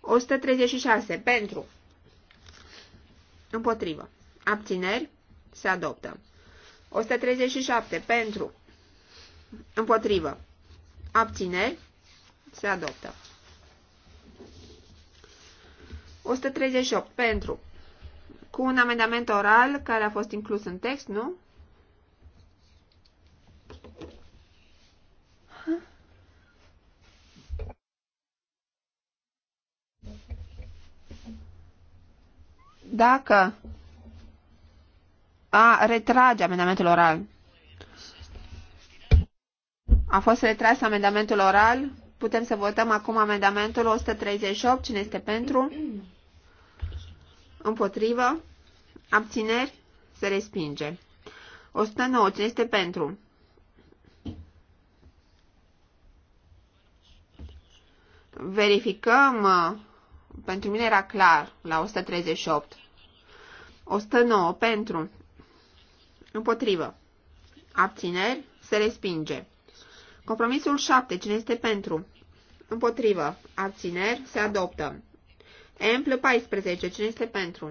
136. Pentru. Împotrivă. Abțineri? Se adoptă. 137. Pentru. Împotrivă. Abțineri? Se adoptă. 138. Pentru cu un amendament oral care a fost inclus în text, nu? Dacă a retrage amendamentul oral. A fost retras amendamentul oral. Putem să votăm acum amendamentul 138. Cine este pentru? Împotrivă. Abțineri. Se respinge. 109. Cine este pentru? Verificăm. Pentru mine era clar la 138. 109 pentru. Împotrivă. Abțineri. Se respinge. Compromisul 7. Cine este pentru? Împotrivă. Abțineri. Se adoptă. Ampl 14. Cine este pentru?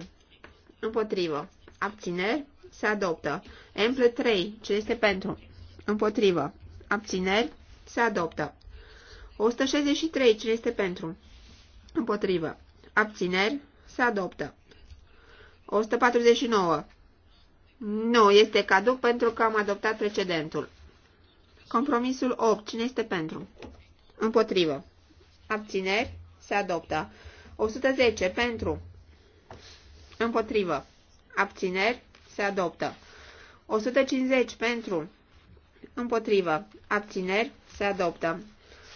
Împotrivă. Abțineri? Se adoptă. Ampl 3. Cine este pentru? Împotrivă. Abțineri? Se adoptă. 163. Cine este pentru? Împotrivă. Abțineri? Se adoptă. 149. Nu, este caduc pentru că am adoptat precedentul. Compromisul 8. Cine este pentru? Împotrivă. Abțineri? Se adoptă. 110 pentru, împotrivă, abțineri, se adoptă. 150 pentru, împotrivă, abțineri, se adoptă.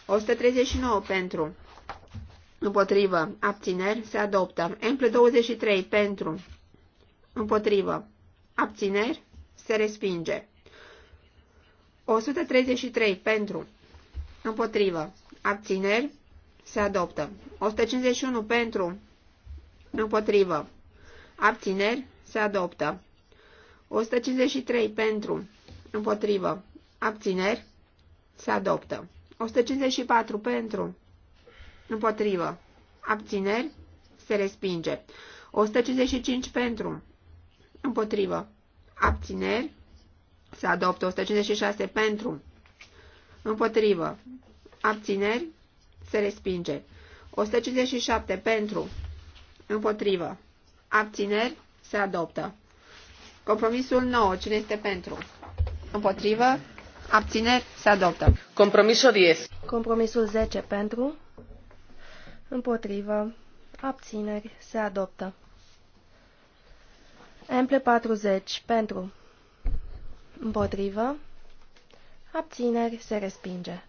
139 pentru, împotrivă, abțineri, se adoptă. M23 pentru, împotrivă, abțineri, se respinge. 133 pentru, împotrivă, abțineri, se adoptă. 151 pentru, împotrivă, abțineri, se adoptă. 153 pentru, împotrivă, abțineri, se adoptă. 154 pentru, împotrivă, abțineri, se respinge. 155 pentru, împotrivă, abțineri, se adoptă. 156 pentru, împotrivă, abțineri, se respinge. 157 pentru. Împotrivă. Abțineri. Se adoptă. Compromisul 9. Cine este pentru? Împotrivă. Abțineri. Se adoptă. Compromisul 10. Compromisul 10 pentru. Împotrivă. Abțineri. Se adoptă. Emple 40. Pentru. Împotrivă. Abțineri. Se respinge.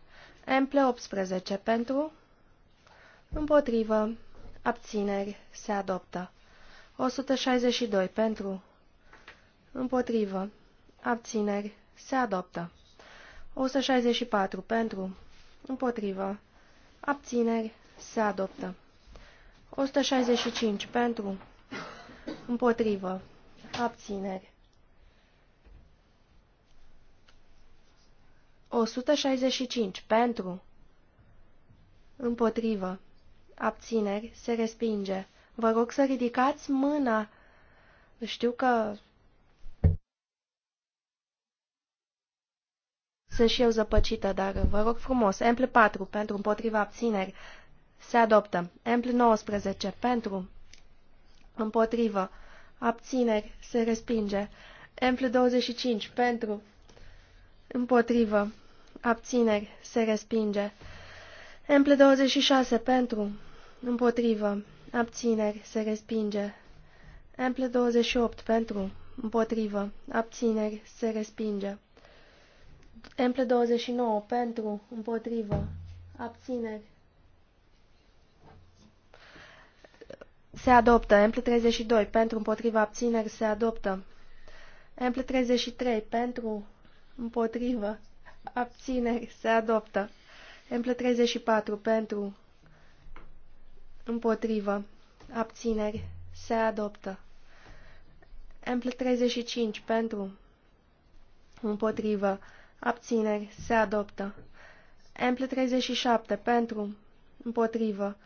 Emple 18 pentru, împotrivă, abțineri, se adoptă. 162 pentru, împotrivă, abțineri, se adoptă. 164 pentru, împotrivă, abțineri, se adoptă. 165 pentru, împotrivă, abțineri, 165. Pentru. Împotrivă. Abțineri. Se respinge. Vă rog să ridicați mâna. Știu că... Sunt și eu zăpăcită, dar vă rog frumos. Ample 4. Pentru. Împotriva abțineri. Se adoptă. Ample 19. Pentru. Împotrivă. Abțineri. Se respinge. Ample 25. Pentru. Împotrivă. Abțineri. Se respinge. Emple 26. Pentru. Împotrivă. Abțineri. Se respinge. Emple 28. Pentru. Împotrivă. Abțineri. Se respinge. Emple 29. Pentru. Împotrivă. Abțineri. Se adoptă. Emple 32. Pentru. Împotrivă. Abțineri. Se adoptă. Emple 33. Pentru. Împotrivă. Abține. Se adoptă. Emple 34. Pentru. Împotrivă. Abțineri. Se adoptă. Emple 35. Pentru. Împotrivă. Abțineri. Se adoptă. Emple 37. Pentru. Împotrivă.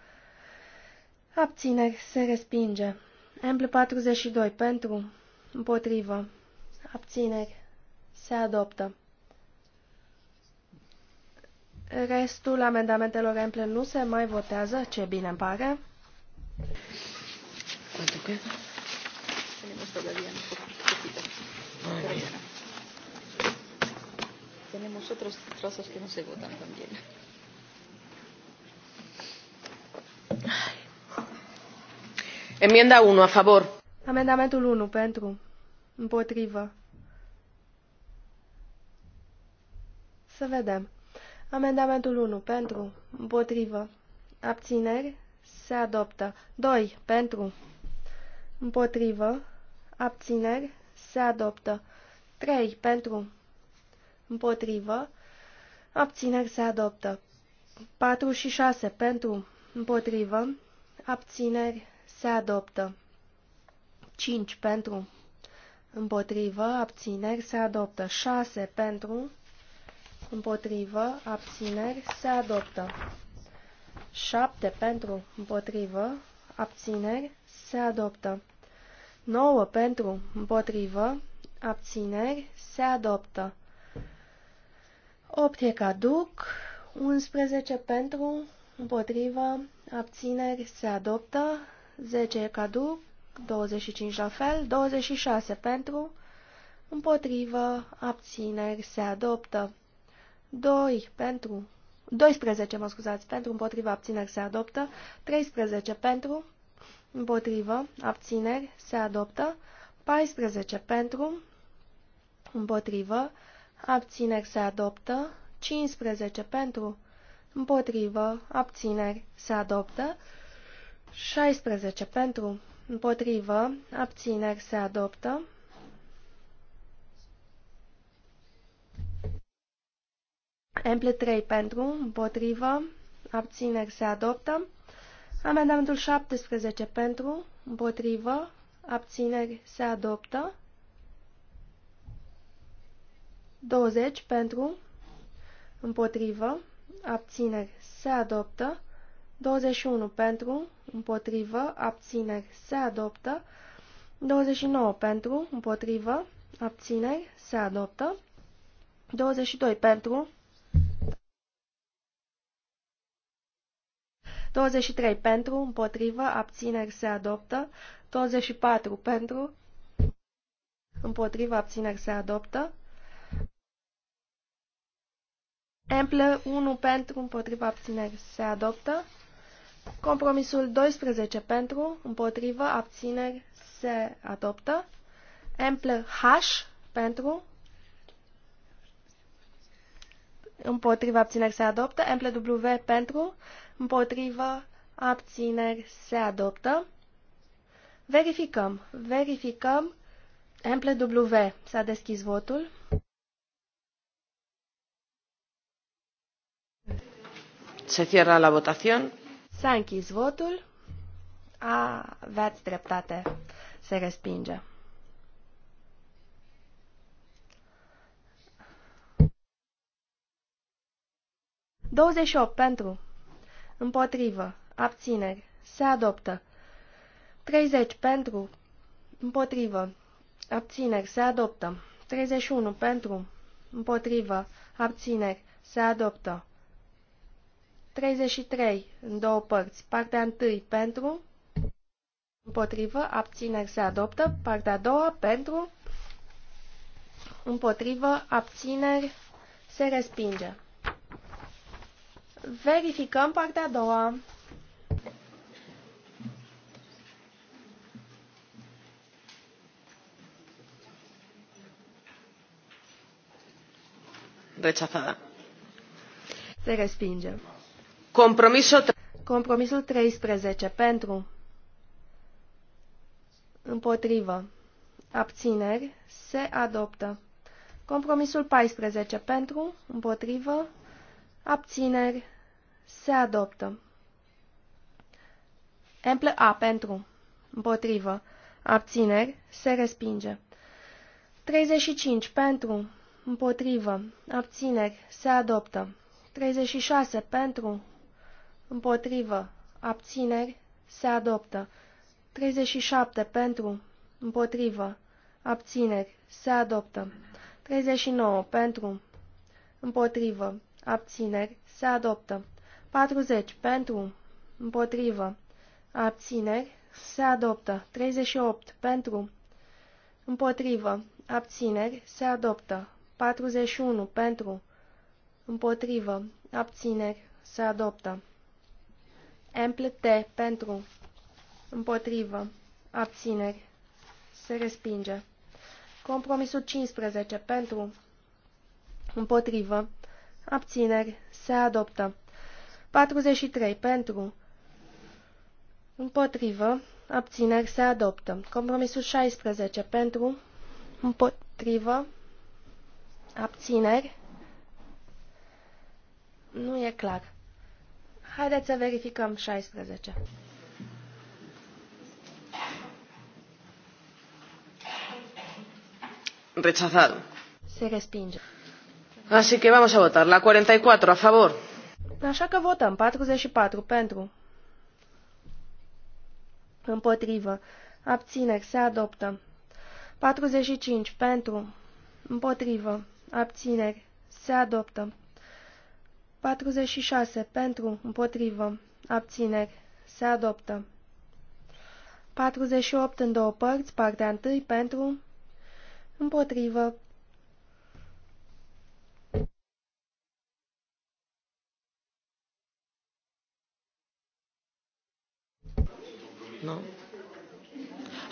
Abțineri. Se respinge. Emple 42. Pentru. Împotrivă. Abțineri. Se adoptă. Restul amendamentelor ample nu se mai votează, ce bine îmi pare. Tenemos que no se votan también. Enmienda 1, a favor. Amendamentul 1, pentru. Împotrivă. Să vedem. Amendamentul 1. Pentru. Împotrivă. Abțineri. Se adoptă. 2. Pentru. Împotrivă. Abțineri. Se adoptă. 3. Pentru. Împotrivă. Abțineri. Se adoptă. 4 și 6. Pentru. Împotrivă. Abțineri. Se adoptă. 5. Pentru. Împotrivă. Abțineri. Se adoptă. 6. Pentru împotrivă, abțineri, se adoptă. 7 pentru, împotrivă, abțineri, se adoptă. 9 pentru, împotrivă, abțineri, se adoptă. 8 e caduc, 11 pentru, împotrivă, abțineri, se adoptă, 10 e caduc, 25 la fel, 26 pentru, împotrivă, abțineri, se adoptă. 2 pentru, 12, mă scuzați, pentru, împotriva, abțineri, se adoptă, 13 pentru, împotrivă, abțineri, se adoptă, 14 pentru, împotrivă, abțineri, se adoptă, 15 pentru, împotrivă, abțineri, se adoptă, 16 pentru, împotrivă, abțineri, se adoptă, Ample 3 pentru, împotrivă, abțineri se adoptă. Amendamentul 17 pentru, împotrivă, abțineri se adoptă. 20 pentru, împotrivă, abțineri se adoptă. 21 pentru, împotrivă, abțineri se adoptă. 29 pentru, împotrivă, abțineri se adoptă. 22 pentru, 23 pentru, împotrivă, abțineri se adoptă. 24 pentru, împotrivă, abțineri se adoptă. Emple 1 pentru, împotrivă, abțineri se adoptă. Compromisul 12 pentru, împotrivă, abțineri se adoptă. Emple H pentru, împotrivă, abțineri se adoptă. Emple W pentru, împotrivă, abțineri, se adoptă. Verificăm, verificăm. W, s-a deschis votul. Se cierra la votación. S-a închis votul. A, aveați dreptate. Se respinge. Douăzeci pentru. Împotrivă. Abțineri. Se adoptă. 30 pentru. Împotrivă. Abțineri. Se adoptă. 31 pentru. Împotrivă. Abțineri. Se adoptă. 33 în două părți. Partea 1 pentru. Împotrivă. Abțineri. Se adoptă. Partea a doua pentru. Împotrivă. Abțineri. Se respinge verificăm partea a doua. Rechazada. Se respinge. Compromisul, Compromisul 13. Pentru. Împotrivă. Abțineri. Se adoptă. Compromisul 14. Pentru. Împotrivă. Abțineri. Se adoptă. Emple A pentru. Împotrivă. Abțineri. Se respinge. 35 pentru. Împotrivă. Abțineri. Se adoptă. 36 pentru. Împotrivă. Abțineri. Se adoptă. 37 pentru. Împotrivă. Abțineri. Se adoptă. 39 pentru. Împotrivă. Abțineri. Se adoptă. 40. Pentru. Împotrivă. Abțineri. Se adoptă. 38. Pentru. Împotrivă. Abțineri. Se adoptă. 41. Pentru. Împotrivă. Abțineri. Se adoptă. Emplete Pentru. Împotrivă. Abțineri. Se respinge. Compromisul 15. Pentru. Împotrivă. Abțineri. Se adoptă. 43 pentru. Împotrivă. Abțineri se adoptă. Compromisul 16 pentru. Împotrivă. Abțineri. Nu e clar. Haideți să verificăm 16. Rechazado. Se respinge. Así que vamos a votar. La 44 a favor. Așa că votăm 44 pentru. Împotrivă. Abțineri. Se adoptă. 45 pentru. Împotrivă. Abțineri. Se adoptă. 46 pentru. Împotrivă. Abțineri. Se adoptă. 48 în două părți, partea întâi, pentru, împotrivă,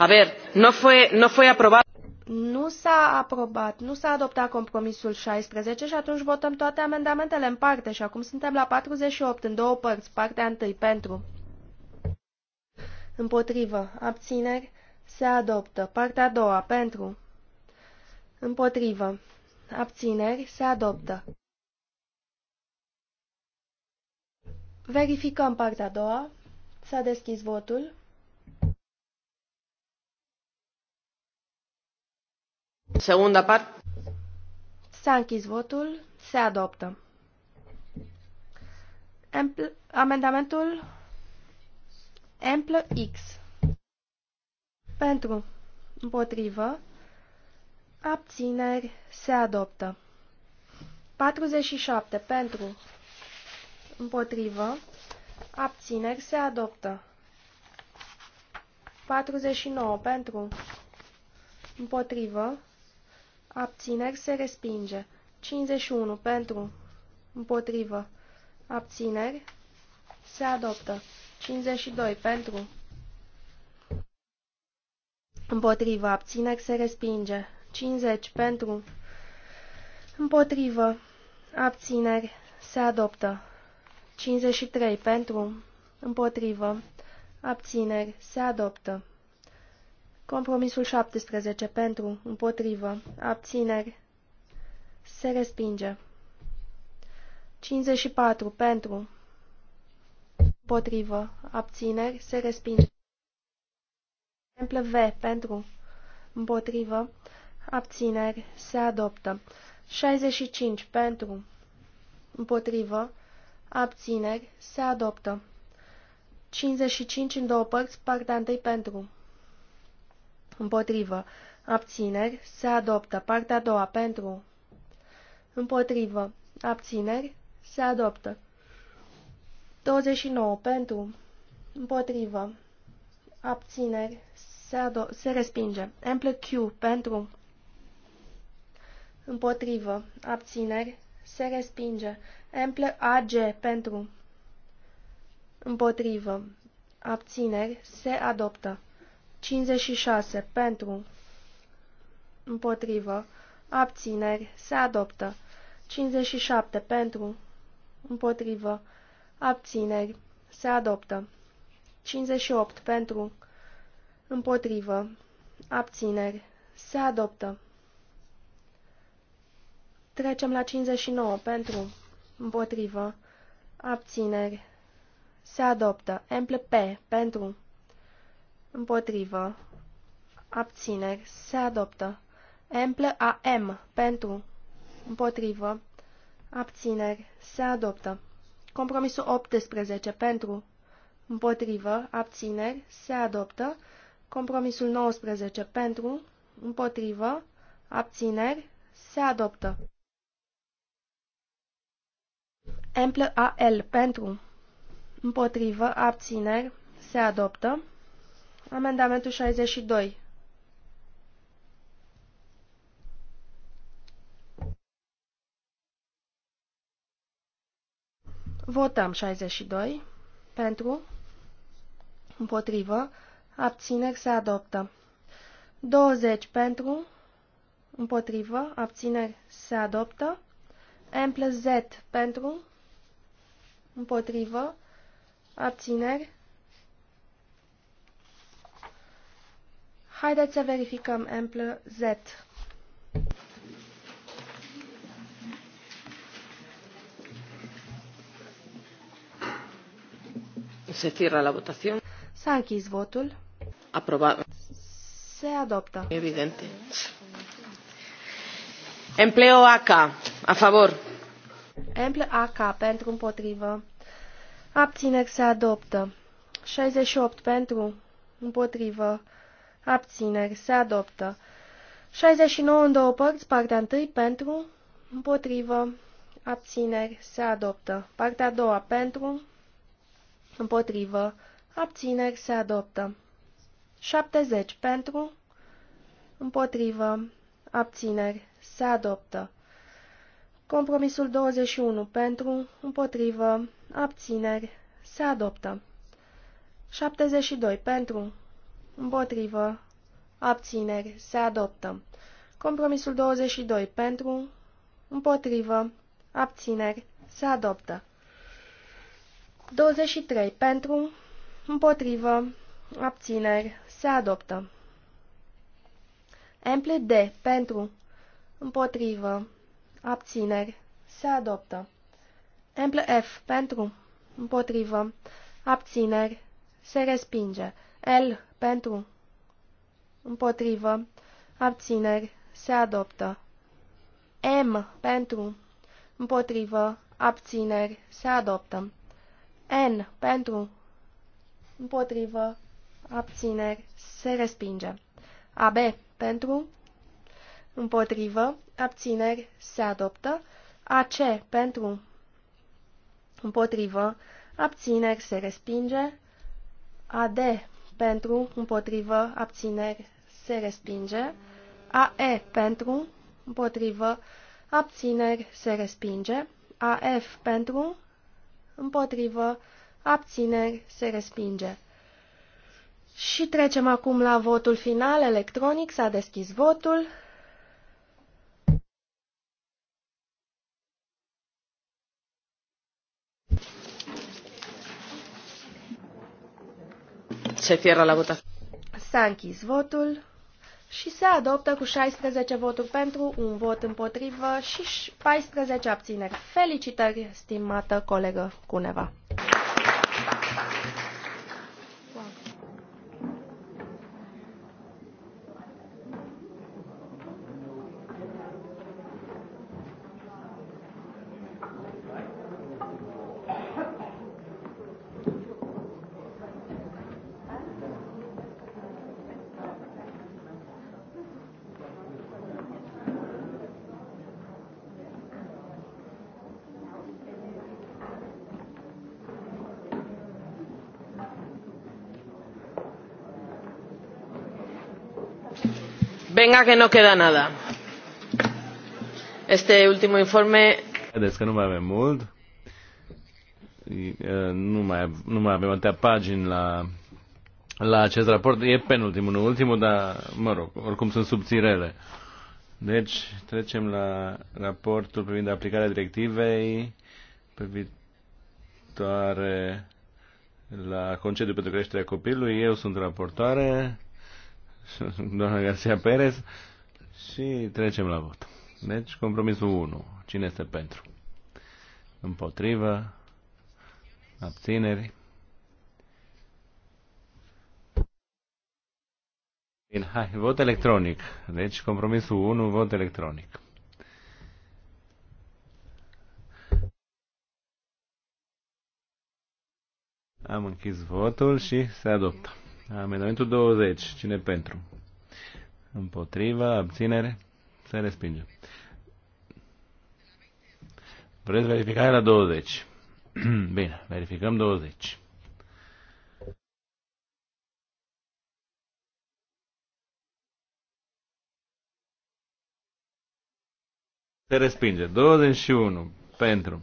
A ver, no fue, no fue aprobado. Nu s-a aprobat, nu s-a adoptat compromisul 16 și atunci votăm toate amendamentele în parte și acum suntem la 48 în două părți, partea întâi pentru. Împotrivă, abțineri, se adoptă. Partea a doua, pentru. Împotrivă, abțineri, se adoptă. Verificăm partea a doua. S-a deschis votul. Segunda parte. S-a închis votul. Se adoptă. Ampl amendamentul amplă X. Pentru, împotrivă, abțineri, se adoptă. 47. Pentru, împotrivă, abțineri, se adoptă. 49. Pentru, împotrivă, Abțineri se respinge. 51 pentru. Împotrivă. Abțineri se adoptă. 52 pentru. Împotrivă. Abțineri se respinge. 50 pentru. Împotrivă. Abțineri se adoptă. 53 pentru. Împotrivă. Abțineri se adoptă. Compromisul 17 pentru, împotrivă, abțineri, se respinge. 54 pentru, împotrivă, abțineri, se respinge. Exemplu V pentru, împotrivă, abțineri, se adoptă. 65 pentru, împotrivă, abțineri, se adoptă. 55 în două părți, partea întâi pentru, Împotrivă. Abțineri. Se adoptă. Partea a doua. Pentru. Împotrivă. Abțineri. Se adoptă. 29. Pentru. Împotrivă. Abțineri. Se, se respinge. Ample Q. Pentru. Împotrivă. Abțineri. Se respinge. Ample AG. Pentru. Împotrivă. Abțineri. Se adoptă. 56. Pentru. Împotrivă. Abțineri. Se adoptă. 57. Pentru. Împotrivă. Abțineri. Se adoptă. 58. Pentru. Împotrivă. Abțineri. Se adoptă. Trecem la 59. Pentru. Împotrivă. Abțineri. Se adoptă. Emple P. Pentru. Împotrivă. Abțineri. Se adoptă. Emplă a M. Pentru. Împotrivă. Abțineri. Se adoptă. Compromisul 18. Pentru. Împotrivă. Abțineri. Se adoptă. Compromisul 19. Pentru. Împotrivă. Abțineri. Se adoptă. Emplă l Pentru. Împotrivă. Abțineri. Se adoptă. Amendamentul 62. Votăm 62. Pentru. Împotrivă. Abțineri se adoptă. 20 pentru. Împotrivă. Abțineri se adoptă. M plus Z pentru. Împotrivă. Abțineri Haideți să verificăm amplă Z. Se cierra la votación. S-a închis votul. Aprobat. Se adoptă. Evident. Empleo AK. A favor. Emple AK pentru împotrivă. Abțineri se adoptă. 68 pentru împotrivă. Abțineri. Se adoptă. 69 în două părți, partea întâi pentru, împotrivă, abțineri, se adoptă. Partea a doua pentru, împotrivă, abțineri, se adoptă. 70 pentru, împotrivă, abțineri, se adoptă. Compromisul 21 pentru, împotrivă, abțineri, se adoptă. 72 pentru, Împotrivă. Abțineri. Se adoptă. Compromisul 22. Pentru. Împotrivă. Abțineri. Se adoptă. 23. Pentru. Împotrivă. Abțineri. Se adoptă. Emple D. Pentru. Împotrivă. Abțineri. Se adoptă. Emple F. Pentru. Împotrivă. Abțineri. Se respinge. L pentru, împotrivă, abțineri, se adoptă. M pentru, împotrivă, abțineri, se adoptă. N pentru, împotrivă, abțineri, se respinge. AB pentru, împotrivă, abțineri, se adoptă. AC pentru, împotrivă, abțineri, se respinge. AD pentru, împotrivă, abțineri, se respinge. AE pentru, împotrivă, abțineri, se respinge. AF pentru, împotrivă, abțineri, se respinge. Și trecem acum la votul final electronic. S-a deschis votul. Se cierra la votație. S-a închis votul și se adoptă cu 16 voturi pentru, un vot împotrivă și 14 abțineri. Felicitări, stimată colegă Cuneva! Venga, que no queda nada. Este último informe... Vedeți că nu mai avem mult. Nu mai, nu mai avem atâtea pagini la, la acest raport. E penultimul, nu ultimul, dar, mă rog, oricum sunt subțirele. Deci, trecem la raportul privind aplicarea directivei privitoare la concediu pentru creșterea copilului. Eu sunt raportoare. doamna Garcia Perez și trecem la vot. Deci, compromisul 1. Cine este pentru? Împotrivă? Abțineri? Bine, hai, vot electronic. Deci, compromisul 1, vot electronic. Am închis votul și se adoptă. Amendamentul 20. Cine pentru? Împotriva, abținere, se respinge. Vreți verificarea la 20. Bine, verificăm 20. Se respinge. 21 pentru.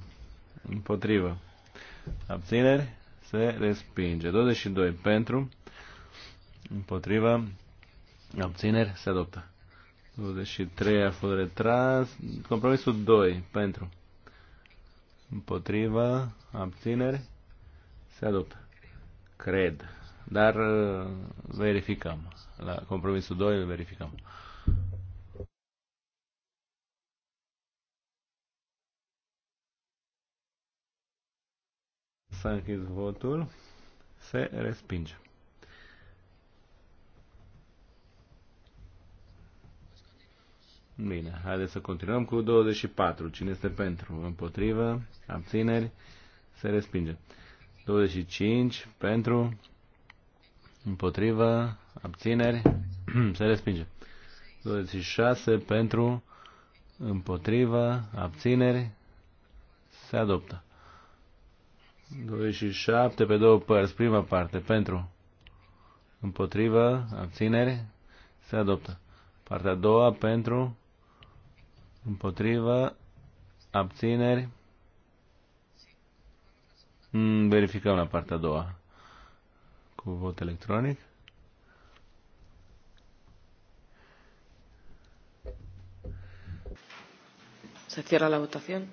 Împotrivă. Abțineri. Se respinge. 22 pentru. Împotriva. Abțineri. Se adoptă. 23 a fost retras. Compromisul 2. Pentru. Împotriva. Abțineri. Se adoptă. Cred. Dar uh, verificăm. La compromisul 2 îl verificăm. S-a închis votul. Se respinge. Bine, haideți să continuăm cu 24. Cine este pentru? Împotrivă? Abțineri? Se respinge. 25 pentru? Împotrivă? Abțineri? se respinge. 26 pentru? Împotrivă? Abțineri? Se adoptă. 27 pe două părți. Prima parte pentru? Împotrivă? Abțineri? Se adoptă. Partea a doua pentru? Împotrivă. Abțineri. Mm, verificăm la partea a doua cu vot electronic. Se cierra la votación.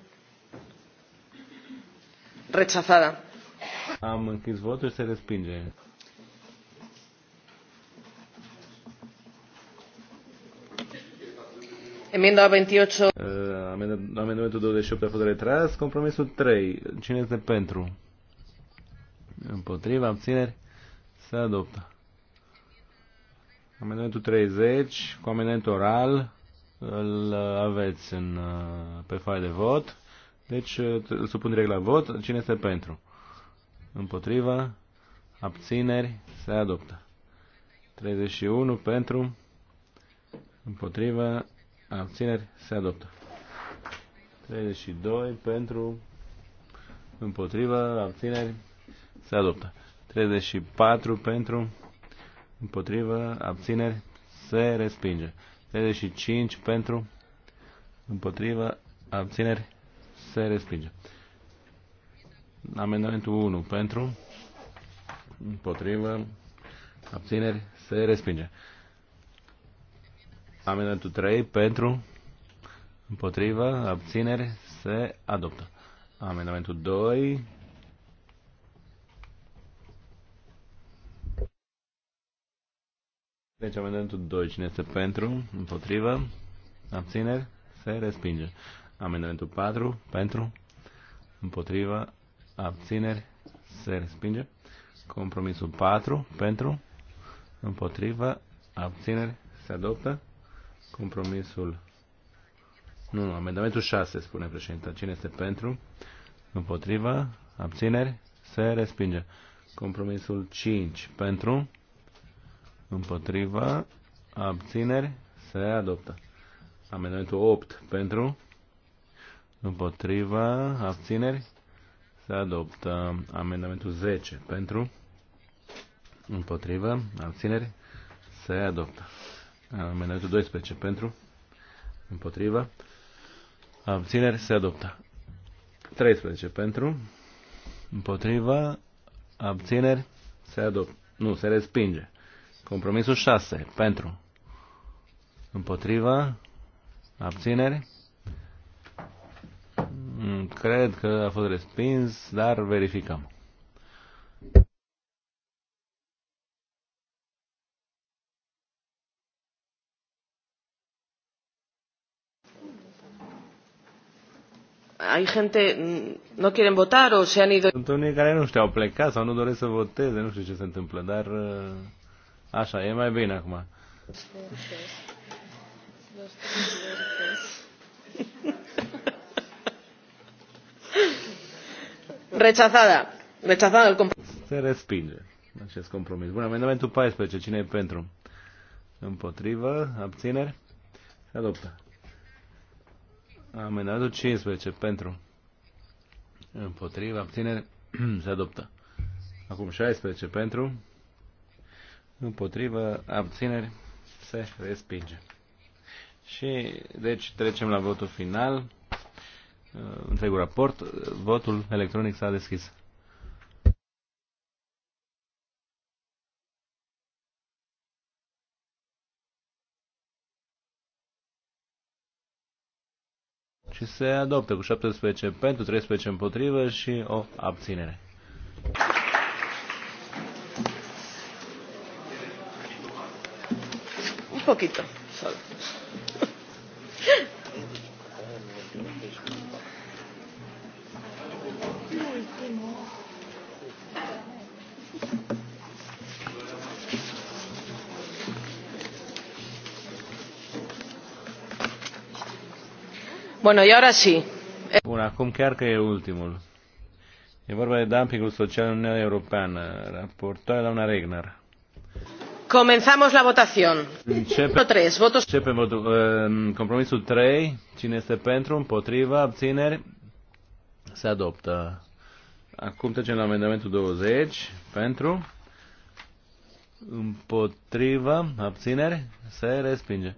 Rechazada. Am închis votul și se respinge. Emenda 28. Uh, amendamentul 28 a fost retras. Compromisul 3. Cine este pentru? Împotriva, abțineri, se adoptă. Amendamentul 30, cu amendament oral, îl aveți în, uh, pe foaie de vot. Deci uh, îl supun direct la vot. Cine este pentru? Împotriva, abțineri, se adoptă. 31 pentru, împotriva, abțineri, se adoptă. 32 pentru, împotriva, abțineri, se adoptă. 34 pentru, împotriva, abțineri, se respinge. 35 pentru, împotriva, abțineri, se respinge. Amendamentul 1 pentru, împotriva, abțineri, se respinge. Amendamentul 3 pentru, împotrivă, abțineri, se adoptă. Amendamentul 2 Deci amendamentul 2, cine este pentru, împotrivă, abțineri, se respinge. Amendamentul 4, pentru, împotrivă, abțineri, se respinge. Compromisul 4, pentru, împotrivă, abțineri, se adoptă. Compromisul. Nu, nu amendamentul 6, spune președinta. Cine este pentru? Împotriva? Abțineri? Se respinge. Compromisul 5. Pentru? Împotriva? Abțineri? Se adoptă. Amendamentul 8. Pentru? Împotriva? Abțineri? Se adoptă. Amendamentul 10. Pentru? Împotriva? Abțineri? Se adoptă. Amendamentul 12 pentru, împotriva, abțineri se adoptă. 13 pentru, împotriva, abțineri se adoptă. Nu, se respinge. Compromisul 6 pentru, împotriva, abțineri. Mm, cred că a fost respins, dar verificăm. hay gente mm, no quieren votar o se han ido. Sunt unii care nu știu, au plecat sau nu doresc să voteze, nu știu ce se întâmplă, dar uh, așa, e mai bine acum. Rechazada. Rechazada el compromiso. Se respinge acest compromis. Bun, amendamentul 14. Cine e pentru? Împotrivă? Abțineri? Se adoptă. Amendamentul 15 pentru. Împotriva abținere se adoptă. Acum 16 pentru. Împotriva abțineri se respinge. Și deci trecem la votul final. Întregul raport. Votul electronic s-a deschis. și se adoptă cu 17 pentru, 13 împotrivă și o abținere. Un poquito, solo. Bueno, y ahora sí. Bun, acum chiar că e ultimul. E vorba de dumpingul social în Uniunea Europeană. Raportoarea doamna Regnar. Comenzamos la votación. Începe, 3, votos... Începem votul. Uh, compromisul 3. Cine este pentru, împotriva, abțineri, se adoptă. Acum trecem la amendamentul 20. Pentru, împotriva, abțineri, se respinge.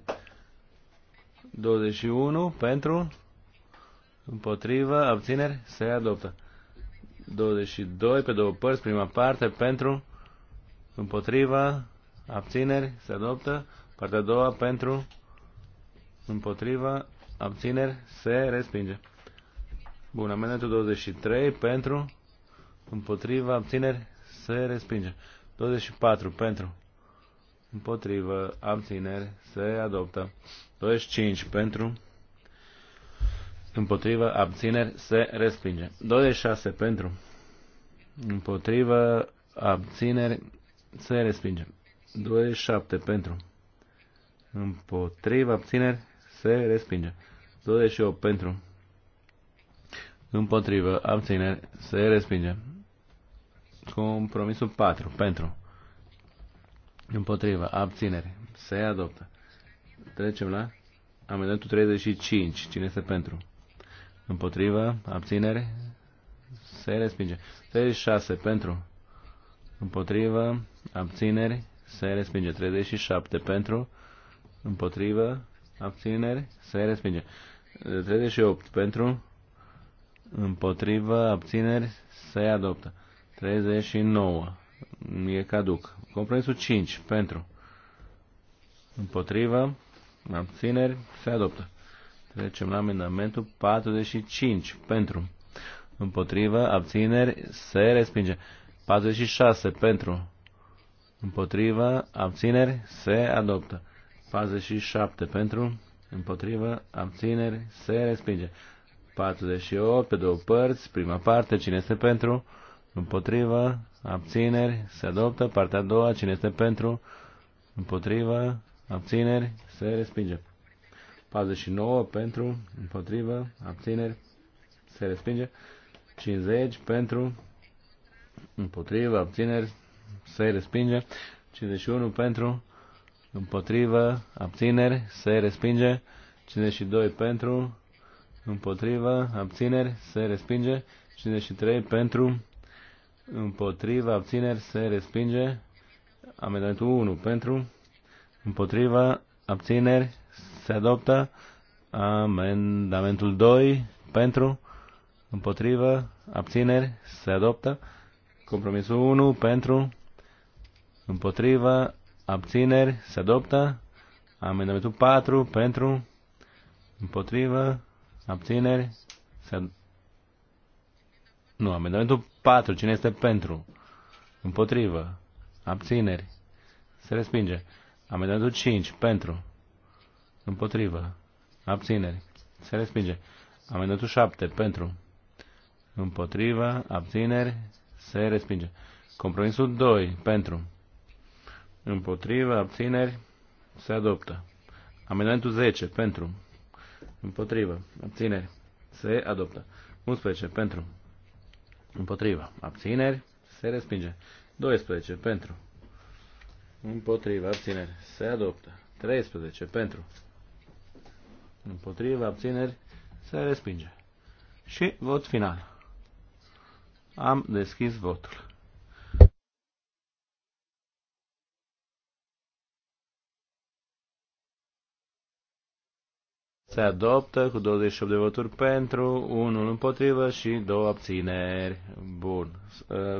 21 pentru, împotrivă, abțineri, se adoptă. 22 pe două părți, prima parte, pentru, împotriva, abțineri, se adoptă. Partea a doua, pentru, împotriva, abțineri, se respinge. Bun, amendamentul 23, pentru, împotriva, abțineri, se respinge. 24, pentru, împotrivă, abțineri, se adoptă. 25 pentru, împotrivă, abțineri, se respinge. 26 pentru, împotrivă, abțineri, se respinge. 27 pentru, împotrivă, abțineri, se respinge. 28 pentru, împotrivă, abțineri, se respinge. Compromisul 4 pentru Împotriva. Abținere. Se adoptă. Trecem la amendamentul 35. Cine este pentru? Împotriva. Abținere. Se respinge. 36. Pentru. Împotriva. abținere Se respinge. 37. Pentru. Împotriva. abținere Se respinge. 38. Pentru. Împotriva. abținere Se adoptă. 39 e caduc. Compromisul 5 pentru împotrivă abțineri se adoptă. Trecem la amendamentul 45 pentru împotrivă abțineri se respinge. 46 pentru împotrivă abțineri se adoptă. 47 pentru împotrivă abțineri se respinge. 48 pe două părți, prima parte, cine este pentru, împotrivă, abțineri, se adoptă. Partea a doua, cine este pentru, împotrivă, abțineri, se respinge. 49 pentru, împotrivă, abțineri, se respinge. 50 pentru, împotrivă, abțineri, se respinge. 51 pentru, împotrivă, abțineri, se respinge. 52 pentru, împotrivă, abțineri, se respinge. 53 pentru, împotriva, abțineri, se respinge. Amendamentul 1 pentru, împotriva, abțineri, se adoptă. Amendamentul 2 pentru, împotriva, abțineri, se adoptă. Compromisul 1 pentru, împotriva, abțineri, se adoptă. Amendamentul 4 pentru, împotriva, abțineri, se adoptă. Nu, amendamentul 4. Cine este pentru? Împotrivă. Abțineri. Se respinge. Amendamentul 5. Pentru. Împotrivă. Abțineri. Se respinge. Amendamentul 7. Pentru. Împotrivă. Abțineri. Se respinge. Compromisul 2. Pentru. Împotrivă. Abțineri. Se adoptă. Amendamentul 10. Pentru. Împotrivă. Abțineri. Se adoptă. 11. Pentru. Împotriva. Abțineri. Se respinge. 12. Pentru. Împotriva. Abțineri. Se adoptă. 13. Pentru. Împotriva. Abțineri. Se respinge. Și vot final. Am deschis votul. se adoptă cu 28 de voturi pentru, 1 împotrivă și 2 abțineri. Bun.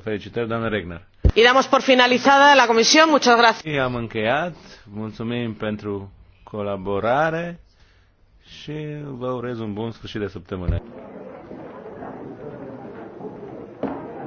Felicitări, doamnă Regner. Y damos por finalizada la comisión. Muchas gracias. Am încheiat. Mulțumim pentru colaborare și vă urez un bun sfârșit de săptămână.